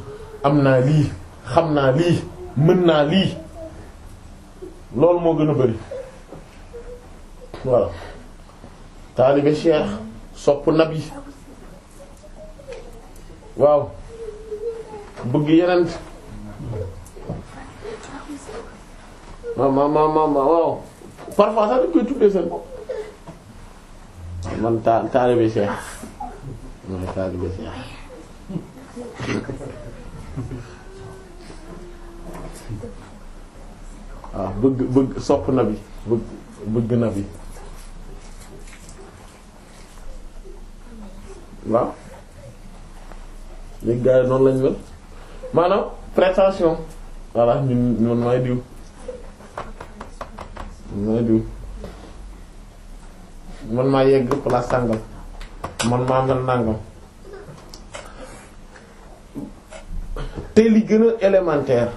am naa lii xam naa lii mën naa lii loolu moo gën a bari voilà taalibe cheikh nag nabi waaw bëgg yeneen ma ma ma ma ma waaw parfois sax dañ koy tuddee seen bopp man ta taalibe Cheikh man taalibe Cheikh waaw ah, bëgg bëgg sopp na bi bëgg noonu may diw may diw man maa yegg place sàngam man maa mel nàngam te li gën a élémentaire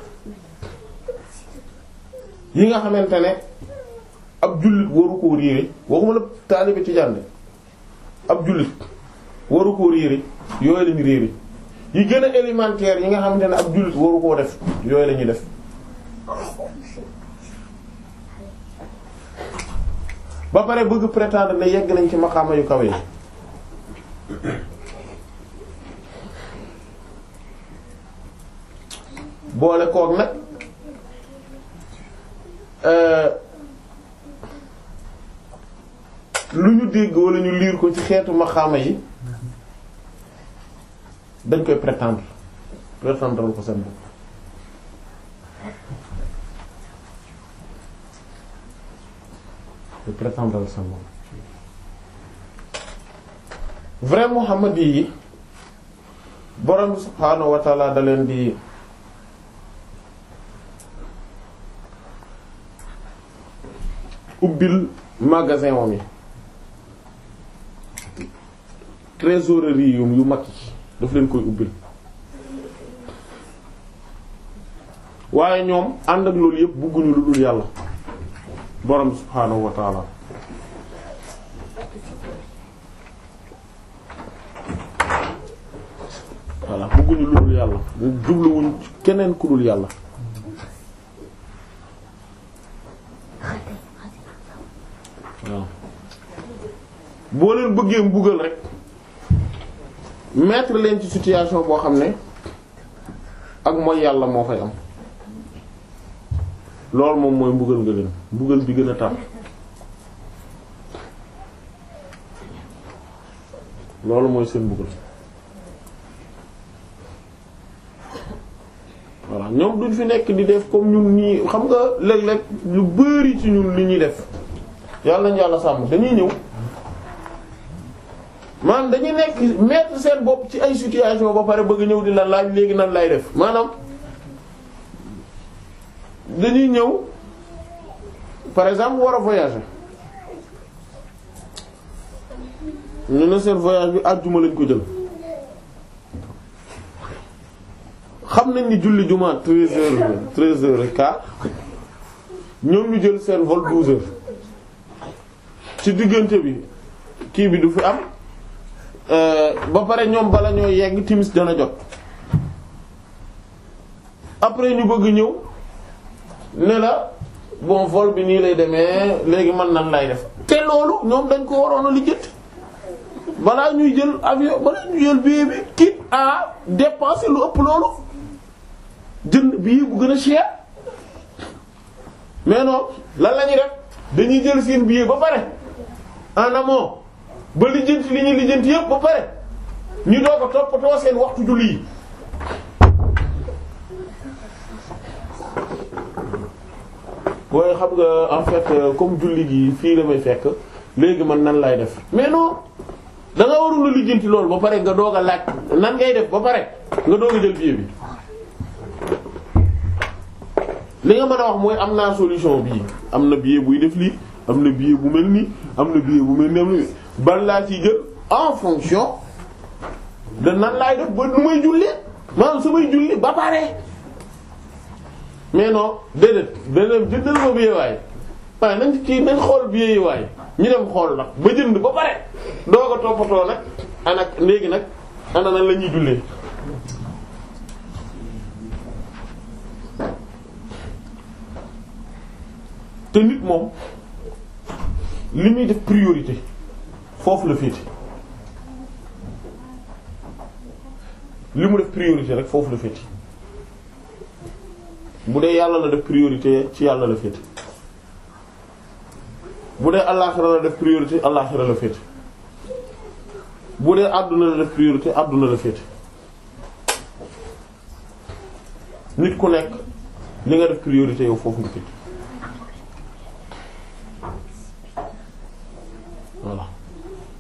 yi nga xamante ne ab jullit waru koo réere waxuma la taalibe ci jànde ab jullit waru koo réere yooyu lañu réere yi gën a élémentaire yi nga xamante ne ab jullit waru koo def yooyu lañuy def ba pare bëgg prétendre ne yegg nañ ci maqaama yu kaw yi boole koog nag euh, lu ñu dégg wala ñu liir ko ci xeetu maqaama yi dañ koy prétendre prétendre ko seen prétendant sa moom vrai muhammadi yi borom bi subhaanahu wa leen di ubbil magasin wam yi trésorerie yu mag yi daf leen koy ubbil waaye ñoom ànd ak loolu yëpp bëgguñu lu dul yàlla borom subhaanahu wa taala voilà bëgguñu lu dul yàlla jubluwuñ keneen ku dul yàlla waaw boo leen bëggee mbugal rek mettre leen ci situation boo xam ne ak mooy yàlla moo fay am loolu moom mooy mbugal nga leen mbugal bi gën a tar loolu mooy seen mbugal voilà ñoom ñu fi nekk di def comme ñun ñii xam nga léeg-léeg lu bari ci ñun li ñuy def yàlla nañu yàlla sàmm dañuy ñëw maanaam dañuy nekk mettre seen bopp ci ay situation ba pare bëgg ñëw di la laaj léegi nan laay def maanaam. dañuy ñëw par exemple war a voyager ñu ne seen voyage bi juma lañ ko jël xam nañ ni julli juma treize heures treize heures et quart ñoom ñu jël seen vol douze heures ci diggante bi kii bi du fi am euh, ba pare ñoom bala ñoo yegg timis dana jot après ñu bëgg ñëw. ne la bon vol bi nii lay demee léegi man nan lay def te loolu ñoom dañ ko waroon a lijjanti balaa ñuy jël avion balaa ñuy jël billet bi quitte à dépenser lu ëpp loolu jënd billet bu gën a cher mais non lan lañu ñuy dañuy jël seen billet ba pare en amont ba lijjanti li ñuy lijjanti yëpp ba pare ñu doog a toppatoo seen waxtu julli booy xam nga en fait euh, comme julli gi fii la may fekk léegi man nan laay def mais non da nga warul lu lijjanti loolu ba pare nga doog a laaj nan ngay def ba pare nga doog a jël billet bi. li nga mën a wax mooy am naa solution bii am na billet buy def lii am na billet bu mel nii am na billet bu mel nii am na ban laa ci jël en fonction da nan laay def ba nu may julli maanaam samay julli ba pare. mais non déedéet beneen jëndal ma billet waay waaye nañ kii nañ xool billet yi waay ñu dem xool nag ba jënd ba pare doog a toppatoo nag ana léegi nag ana nan la ñuy jullee. te nit moom li muy def priorité foofu la féete li mu def priorité rek foofu la féete. bu dee yàlla la def priorité ci yàlla la féete bu dee àllaxira la def priorité àllaxira la féete bu dee àdduna la def priorité àdduna la féete nit ku nekk li nga def priorité yow foofu nga féete voilà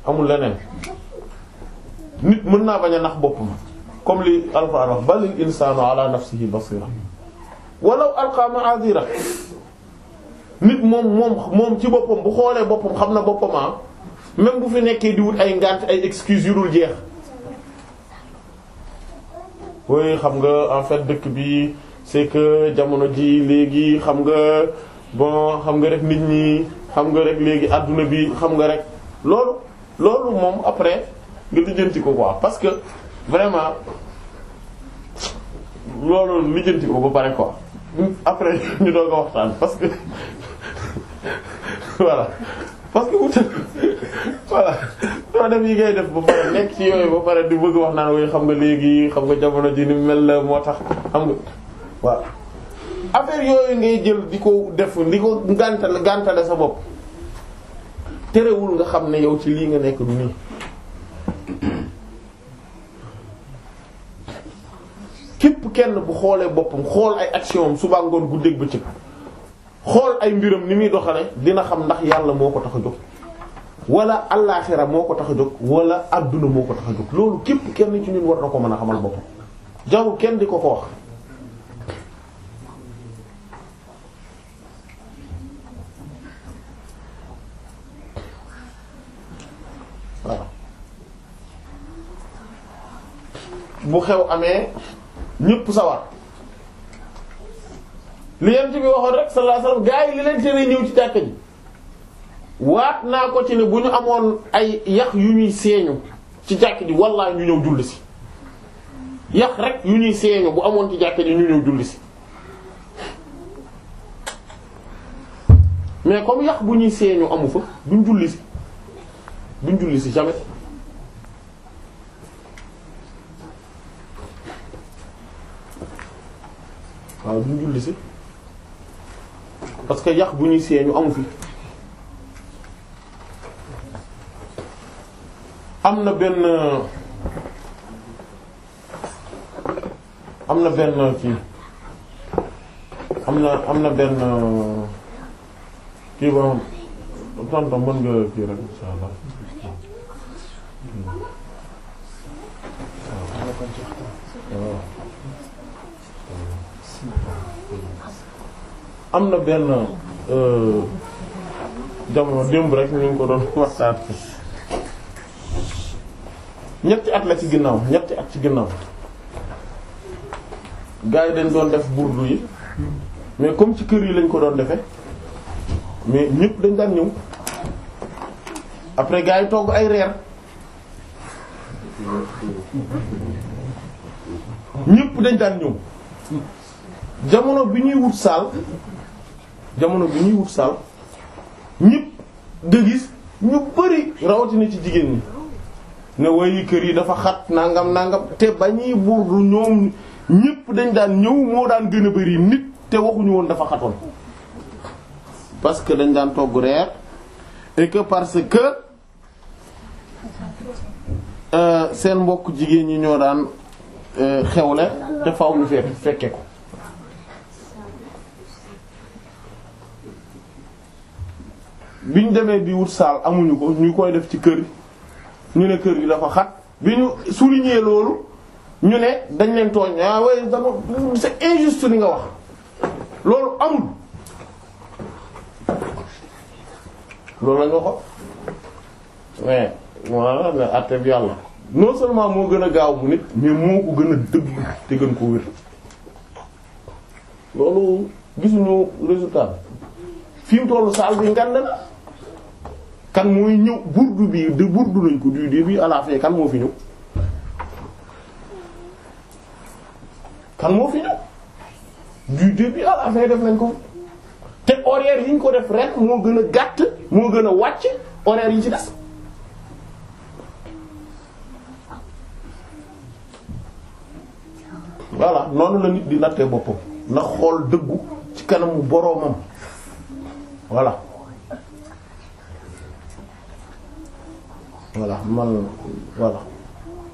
amul leneen nit mën naa bañ a nax boppam comme li Alxuraan wax balil insaanu ala nafsihi basira walaw alqa ma'azira nit moom moom moom ci boppam bu xoolee boppam xam na boppama ah, même bu fi nekkee di ay ngànt ay excuse yu dul jeex oui xam nga en fait dëkk bi c'est que jamono ji léegi xam nga bon xam nga rek nit ñi xam nga rek léegi àdduna bi xam nga rek loolu loolu moom après nga lijjanti ko quoi parce que vraiment loolu lijjanti ko ba pare quoi après ñu doog a waxtaan parce que voilà parce que wutal voilà soo def yi ngay def ba pare nekk ci yooyu ba pare di bëgg wax naan woy xam nga léegi xam nga jamono ji ni mel la moo tax xam nga waaw affaire yooyu ngay jël di ko def di ko gàntal gàntale sa bopp terewul nga xam ne yow ci lii nga nekk du nii kenn bu xoolee boppam xool ay action am suba ngoon guddeeg bëccëg xool ay mbiram ni muy doxale dina xam ndax yàlla moo ko tax a jóg wala allaaxira moo ko tax a jóg wala adduna moo ko tax loolu képp kenn ci ñun war na ko mën a xamal boppam jarul kenn di ko ko wax waaw bu xew amee ñëpp sawar li yent bi waxoon rek sallallahu alayhi wasallam gaa yi li leen tere ñëw ci jàkka ji waat naa ko ci ne bu ñu amoon ay yax yu ñuy seeñu ci jàkka ji wallaay ñu ñëw julli si yax rek yu ñuy seeñu bu amoon ci jàkka ji ñu ñëw julli si mais comme yax bu ñuy seeñu amu fa duñ julli si duñ julli si jamais waaw ñu julli si parce que yàq bu ñuy seeñu amu fi am na benn am na benn kii am na am na benn kii ba tonton mën nga kii rek insha am na benn euh, jamono démb rek ñu ngi ko doon waxtaan ñetti at la ci ginnaaw ñetti at ci ginnaaw gars dañ doon def burdu yi mais comme ci kër yi lañ ko doon defe mais ñëpp dañ daan ñëw après gars yi togg ay reer ñëpp dañ daan ñëw jamono bi ñuy wut saal jamono bi ñuy wut saal ñëpp de ñu bari rawatina ci jigéen ñi ne wayi kër yi dafa xat nangam nangam te bañuy buur ñoom ñëpp dañ daan ñëw moo daan gën a bari nit te waxuñu woon dafa xatoon parce que dañ daan togg reer et parce que euh, seen mbokk jigéen ñi ñoo daan euh, xewle te faaw ñu fekk fekke ko bi ñu demee di wut saal amuñu ko ñu koy def ci kër ñu ne kër gi dafa xat bi ñu souligner loolu ñu ne dañ leen tooñ ah oui dama c'est injuste li nga wax loolu amul loolu la ñu waxoon mais voilà mais bi yàlla non seulement moo gën a gaaw mu nit mais moo ko gën a dëgg te gën ko wér loolu gisuñu résultat bi tollu saal bi ngand na. kan mooy ñëw burdu bi de burdu nañ ko du début à kan moo fi ñëw kan moo fi ñëw du début à def nañ ko te horaire yi ñu ko def rek moo gën a gàtt moo gën a wàcc horaire yi ci des voilà noonu la nit di nattee boppam na xool dëggu ci kanamu boroomam voilà voilà man voilà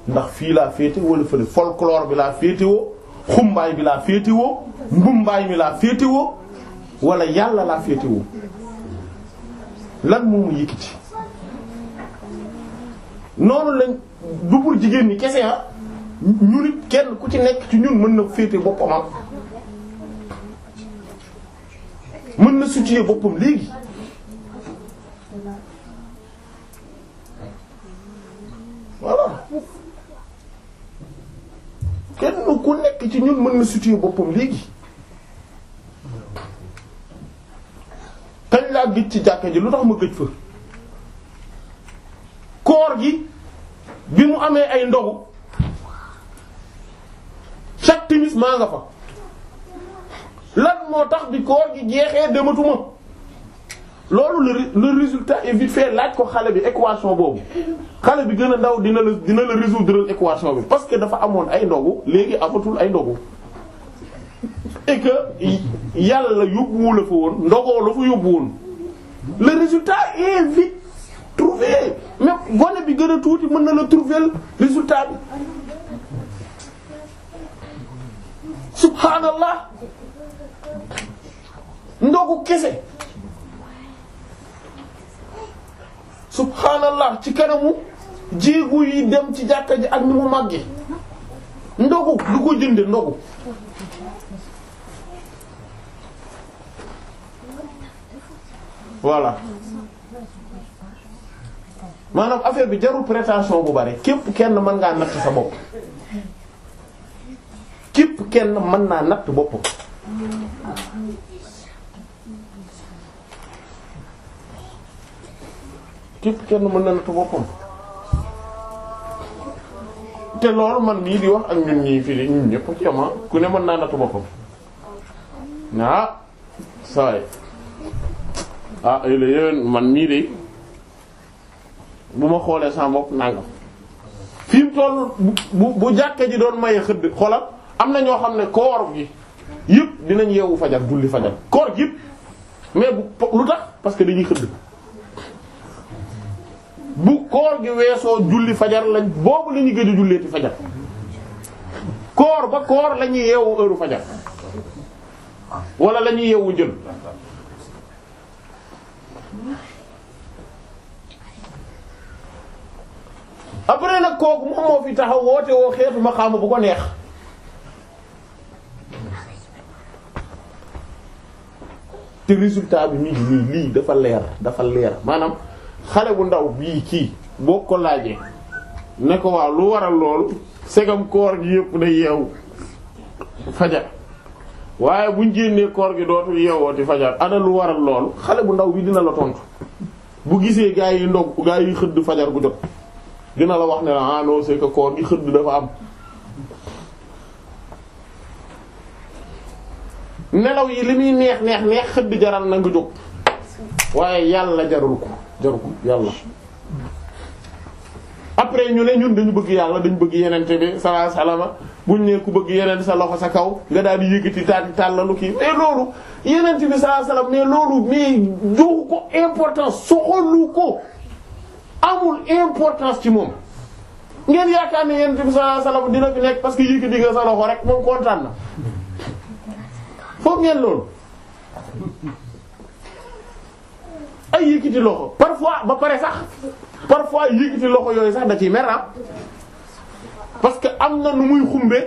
ndax fii laa féete wala fële folklore bi laa féetewoo xumbaay bi laa féetewoo mbumbaay mi laa féetewoo wala yàlla laa féetewoo lan moomu yëkkati noonu lañ du pour jigéen ñi kese ah ñu kenn ku ci nekk ci ñun mën na féete boppam mën na situer boppam léegi voilà kenn ku nekk ci ñun mën na situer boppam léegi kañ laa gëj ci jàkka ji lu tax ma gëj fa koor gi bi mu amee ay ndogu chaque timis maa nga fa lan moo tax bi koor gi jeexee dematuma loolu le le résultat est laaj ko xale bi équation boobu xale bi gën a ndaw dina la dina la résoudre équation bi parce que dafa amoon ay ndogu léegi amatul ay ndogu et yàlla yóbbuwu la fa woon ndogoo la fa yóbbu woon le résultat est vite trouvé même bi gën a tuuti mën na la trouver résultat bi subhaanallah ndoxu kese. subhaanallah ci kanamu jéegu yi dem ci jàkka ji ak ni mu màggee ndogu du ko jënde ndogu voilà maanaam affaire bi jarul prétention bu bari képp kenn mën ngaa natt sa bopp képp kenn mën naa natt bopp képp kenn mën na nattu boppam te loolu man mii di wax ak ñun ñii fii ñun ñëpp ci am ku ne mën naa nattu boppam ah saa yi ah yéen man mii de bu ma xoolee sama bopp nangam fi mu toll bu bu jàkkee ji doon maye xëdd xoolal am na ñoo xam ne koor gi yëpp dinañ yeewu fajar julli fajar koor gi yëpp mais bu lu tax parce que dañuy xëdd. bu koor gi weesoo julli fajar lañ boobu la ñuy gëj a julleeti fajar koor ba koor la ñuy yeewu heure fajar wala lañuy ñuy yeewu jël après nag kooku moom moo fi taxaw woote woo xeetu maqaama bu ko neex te résultat bi mi ngi lii dafa leer dafa leer maanaam xale bu ndaw bii kii boo ko laajee ne ko waaw lu waral loolu segam koor gi yëpp day yeewu fajar waaye buñ jénnee koor gi dootul yeewooti fajar ana lu waral loolu xale bu ndaw bi dina la tontu bu gisee gaa yi ndog gaa yi xëdd fajar gu jot dina la wax ne la ah non koor gi xëdd dafa am nelaw yi li muy neex neex neex xëdd jaral na nga jóg waaye yàlla jarul ko jaru ko yàlla après ñu ne ñun dañu bëgg yàlla dañu bëgg yenente bi salaa salama buñ ne ku bëgg yenente sa loxo sa kaw nga daal di yëkkati tànn tàllalu kii mais loolu yenente bi salaa salama mais loolu mais joxu ko importance soxalu ko amul importance ci moom ngeen yaakaar ne yenente bi salaa salama dina fi nekk parce que yëkkati nga sa loxo rek moom kontaan na foog ngeen loolu ay yëkkati loxo parfois ba pare sax parfois yëkkati loxo yooyu sax da ciy mer ah. parce que am na nu muy xumbe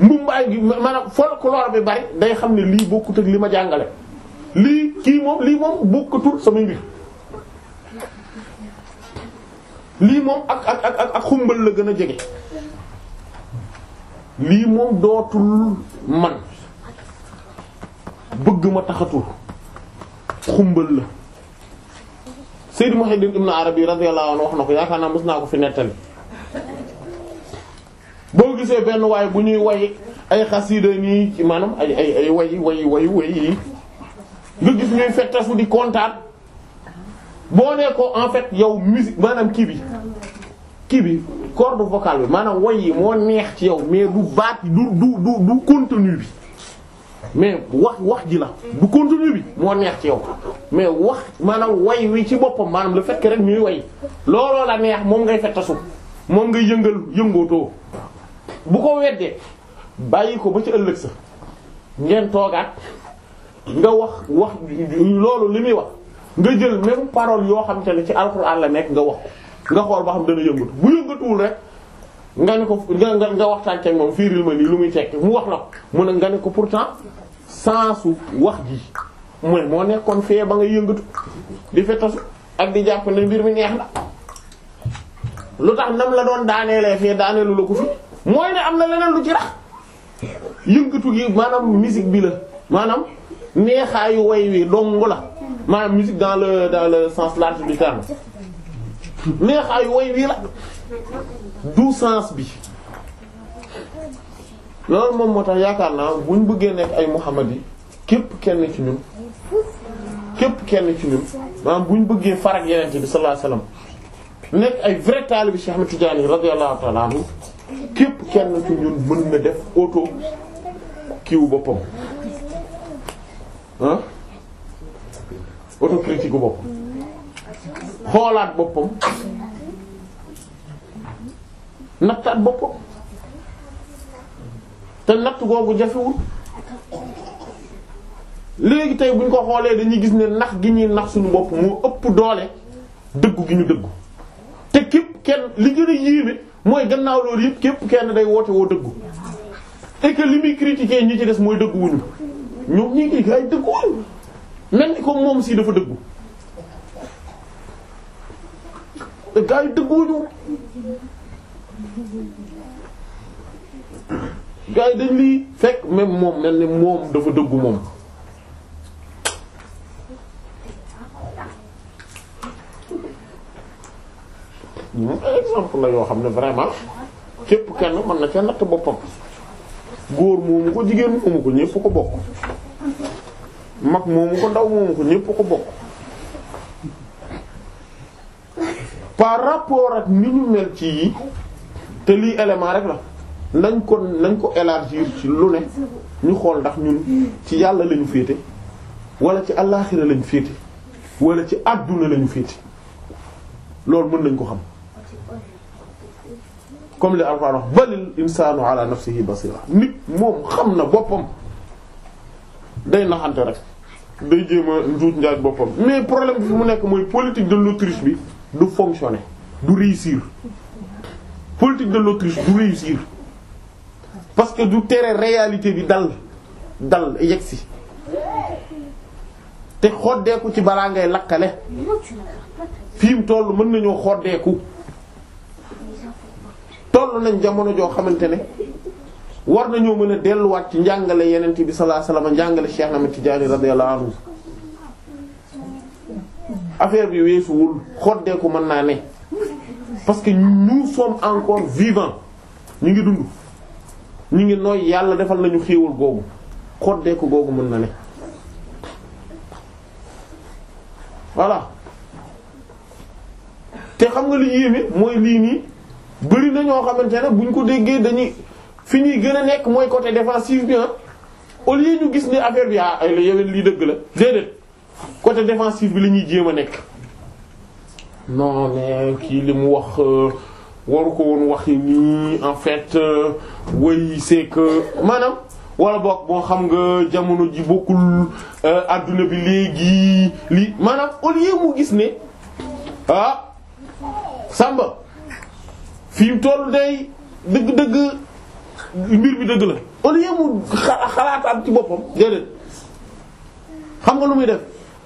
mbumbaay gi maanaam folklore bi bari day xam ne lii bokkut ak li ma jàngale lii kii moom lii moom sama mbir lii moom ak ak ak ak xumbal la gën a jege lii moom dootul man bëgg ma taxatul xumbal la Sayyid Muhammad ibn Arabi radiyallahu anhu wax na ko yaakaar naa mës naa ko fi nettali boo gisee benn waay bu ñuy way ay xasiida nii ci maanaam ay ay ay way way way way yi nga gis ñuy fettasu di kontaan boo nekkoo en fait yow musique maanaam kii bi kii bi corde vocale bi maanaam way yi moo neex ci yow mais du baat du du du du contenu bi mais wax wax ji la bu contenu bi moo neex ci yow mais wax maanaam way wi ci boppam maanaam la fait que rek ñuy way looloo la neex moom ngay fettasu moom ngay yëngal yëngotoo bu ko weddee bàyyi ko ba ci ëllëg sa ngeen toogaat nga wax wax loolu li muy wax nga jël même parole yoo xam te ne ci alxuraan la nekk nga wax ko nga xool ba xam dana yëngatu bu yëngatuwul rek nga ne ko nga nga waxtaan ak moom firil ma lii lu muy tekki mu wax la mu ne nga ne ko pourtant sensu wax ji mooy moo nekkoon fee ba nga yëngatu di fetasu ak di jàpp ne mbir mi neex na lu tax nam la doon daaneelee fee daaneelu la ko fi mooy ne am na leneen lu ci rax yëngatu gi maanaam musique bi la maanaam neexaayu way wi dong la maanaam musique dans le dans le sens large du terme neexaayu way wii la. du sens bi loolu moom moo tax yaakaar naa buñ bëggee nekk ay Muhammad yi képp kenn ci ñun képp kenn ci ñun maanaam buñ bëggee farak yeneen bi sallallahu alayhi nekk ay vrai taalibi Cheikh Ahmed Tidiane radiyallahu ta'ala anhu képp kenn ci ñun mën na def auto kiiwu boppam ah autocritique boppam xoolaat boppam nattaat boppam te natt googu jafewul léegi tey bu ñu ko xoolee dañuy gis ne nax gi ñuy nax suñu bopp moo ëpp doole dëggu gi ñu dëggu te képp kenn li gën a yéeme mooy gannaaw loolu yëpp képp kenn day woote woo dëggu et que li ñi ci des mooy dëgguwuñu ñoom ñi ngi ay dëgguwuñu mel ni comme moom si dafa dëggu gaa yi dëgguwuñu gars yi dañ lii fekk même moom mel ni moom dafa dëggu moom exemple la yoo xam ne vraiment képp kenn mën na ca natt boppam góor moomu ko jigéen moomu ko ñépp ko bokk mag moomu ko ndaw moomu ko ñépp ko bokk par rapport ak ni ñu mel ci yi te lii élément rek la nañ ko nañ ko élargir ci lu ne ñu xool ndax ñun ci yàlla lañu féete walla ci àllaaxira lañu féete wala ci àdduna lañu féete loolu mën nañ ko xam comme li Alxuraan wax balil insaanu ala nafsihi basira nit moom xam na boppam day naxante rek day jéem a njuut njaaj boppam mais problème bi fi mu nekk mooy politique de l'autruche bi du fonctionner du réussir politique de l'autruche du réussir parce que du tere réalité bi dal dal yegsi te xoddeeku ci balaa ngay lakkale fii mu toll mën nañoo xoddeeku toll nañ jamono joo xamante ne war nañoo mën a delluwaat ci njàngale yenent bi sallallahu alayhi wasallam na Cheikh Ahmed Tidiane radiyallahu anhu affaire bi weesuwul xoddeeku mën naa ne parce que nous sommes encore vivants ñu ngi dund ñu ngi nooy yàlla defal nañu xéewal googu ko googu mën na ne voilà te xam nga li yéeme mooy lii nii bëri na ñoo xamante ne buñ ko déggee dañuy fi ñuy gën a nekk mooy côté défensif bi ah au lieu ñu gis ni affaire bi ah ay la yeween lii dëgg la déedéet côté défensif bi la ñuy jéem a nekk non mais kii li mu wax euh, waru ko woon waxi nii en fait euh, oui c'est que maanaam wala boo xam nga jamono ji bokkul àdduna euh, bi léegi li maanaam au lieu gis ne ah Samba fi mu toll day dëgg-dëgg mbir bi dëgg la au lieu ci boppam déedéet xam nga lu muy def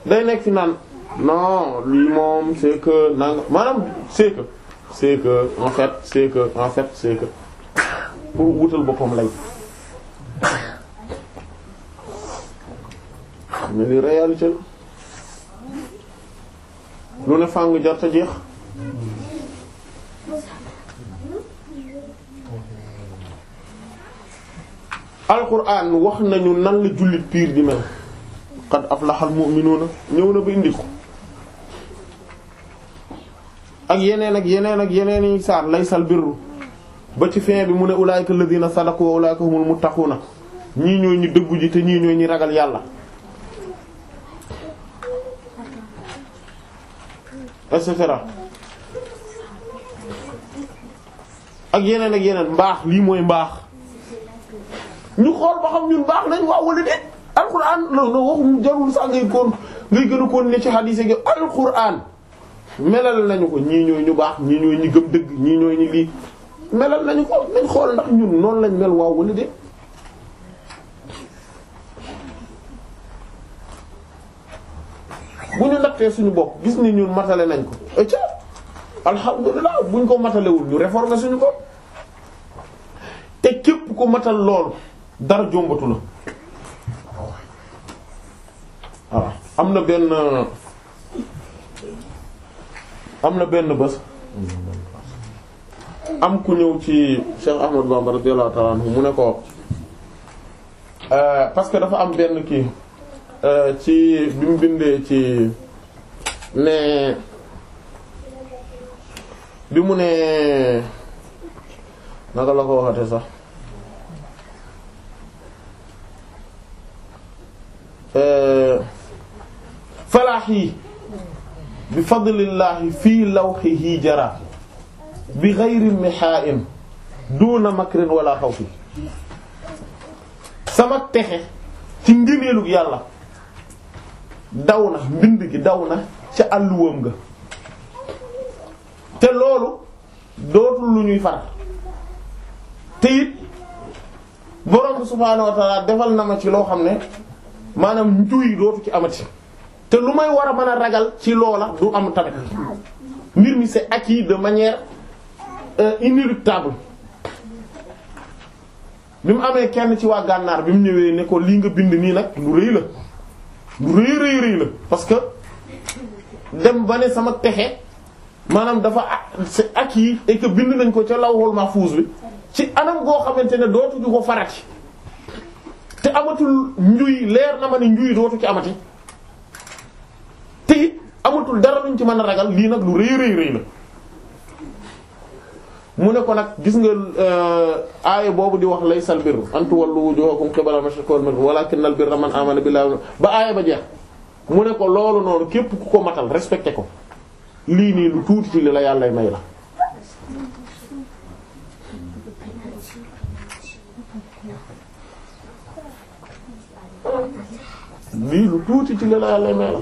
day nekk fi naan. non lii moom c'est que maanaam c'est que en fait c'est que en fait c'est pour wutal boppam lay mais li réalité lu ne fàng jar ta jeex alquran wax nañu nan la jullit piir di mel qad aflaxal mu'minuuna ñëw na ba indi ko ak yeneen ak yeneen ak yeneen yi saar laysal birru ba ci fin bi mu ne ulaayka alladhina sadaqu wa ulaayka humul muttaquuna ñii ñoo ñu dëggu ji te ñii ñoo ñu ragal yàlla et cetera ak yeneen ak yeneen mbaax lii mooy mbaax ñu xool ba xam ñun baax nañ waaw wala déet alquran non non waxum jarul sax ngay kon ngay gën a kon ci hadith gi alquran melal nañu ko ñii ñooy ñu baax ñii ñooy ñu gëm dëgg ñii ñooy ñu lii melal nañu ko nañ xool ndax ñun noonu lañ mel waaw wala de bu ñu nattee suñu bopp gis ni ñun matale nañ ko ëcca alhamdulilah buñ ko matalewul ñu réformer suñu ko te képp ko matal loolu dara jombatu la waaw am na benn am na benn bés am ku ñëw ci Cheikh Ahmad Bamba radiyallahu ta'ala anhu mu ne ko euh, parce que dafa am benn kii euh, ci bi mu bindee ci ne bi mu ne naka la ko waxate sax euh, falaax yi bi fadlillahi fii lawxihi jara bi xayri mihaa'in duuna makrin wala xawfi sama texe ci ngëneelug yàlla daw na mbind gi daw na ca àlluwam nga te loolu dootul lu ñuy far te it borom subhaanahu defal na ma ci loo xam ne maanaam njuuy dootu ci amati te lu may war a mën a ragal ci loola du am tamit mbir mi ak acquis de manière euh, inéluctable bi mu amee kenn ci waa gànnaar bi mu ñëwee ne ko lii nga bind nii nag lu rëy la lu rëy rëy rëy la parce que dem ba ne sama texe maanaam dafa c'est acquis et que bind nañ ko ca lawhul mahfuz bi ci anam goo xamante ne dootuñu ko farati te amatul njuy leer na ma ne njuy dootu ci amati. te amatul dara luñ ci mën a ragal lii nag lu rëy rëy rëy la mu ne ko nag gis nga euh, aaya boobu di wax laysal birru an tuwallu wujuhakum qibala mashriqi wal maghrib walakinnal birra man amana billahi ba aaya ba jeex mu ne ko loolu noonu képp ku ko matal respecté ko lii nii lu tuuti may la. lu tuuti ci li la yàlla may la.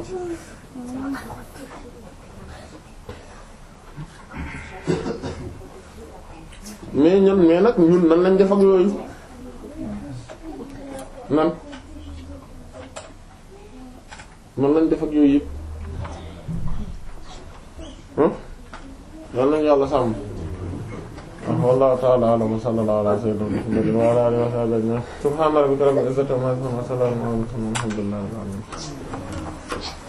mais ñun mais nag ñun nan lañ def ak yooyu nan nan lañ def ak yooyu yëpp lan lañ yàlla sàmm wallahu ta'ala a'lam sallallahu ala sayyidina muhammadin wa ala alihi wa sahbihi ajma'in subhana rabbika rabbil izzati amma yasifun wa salamun ala al mursalin walhamdulillahi rabbil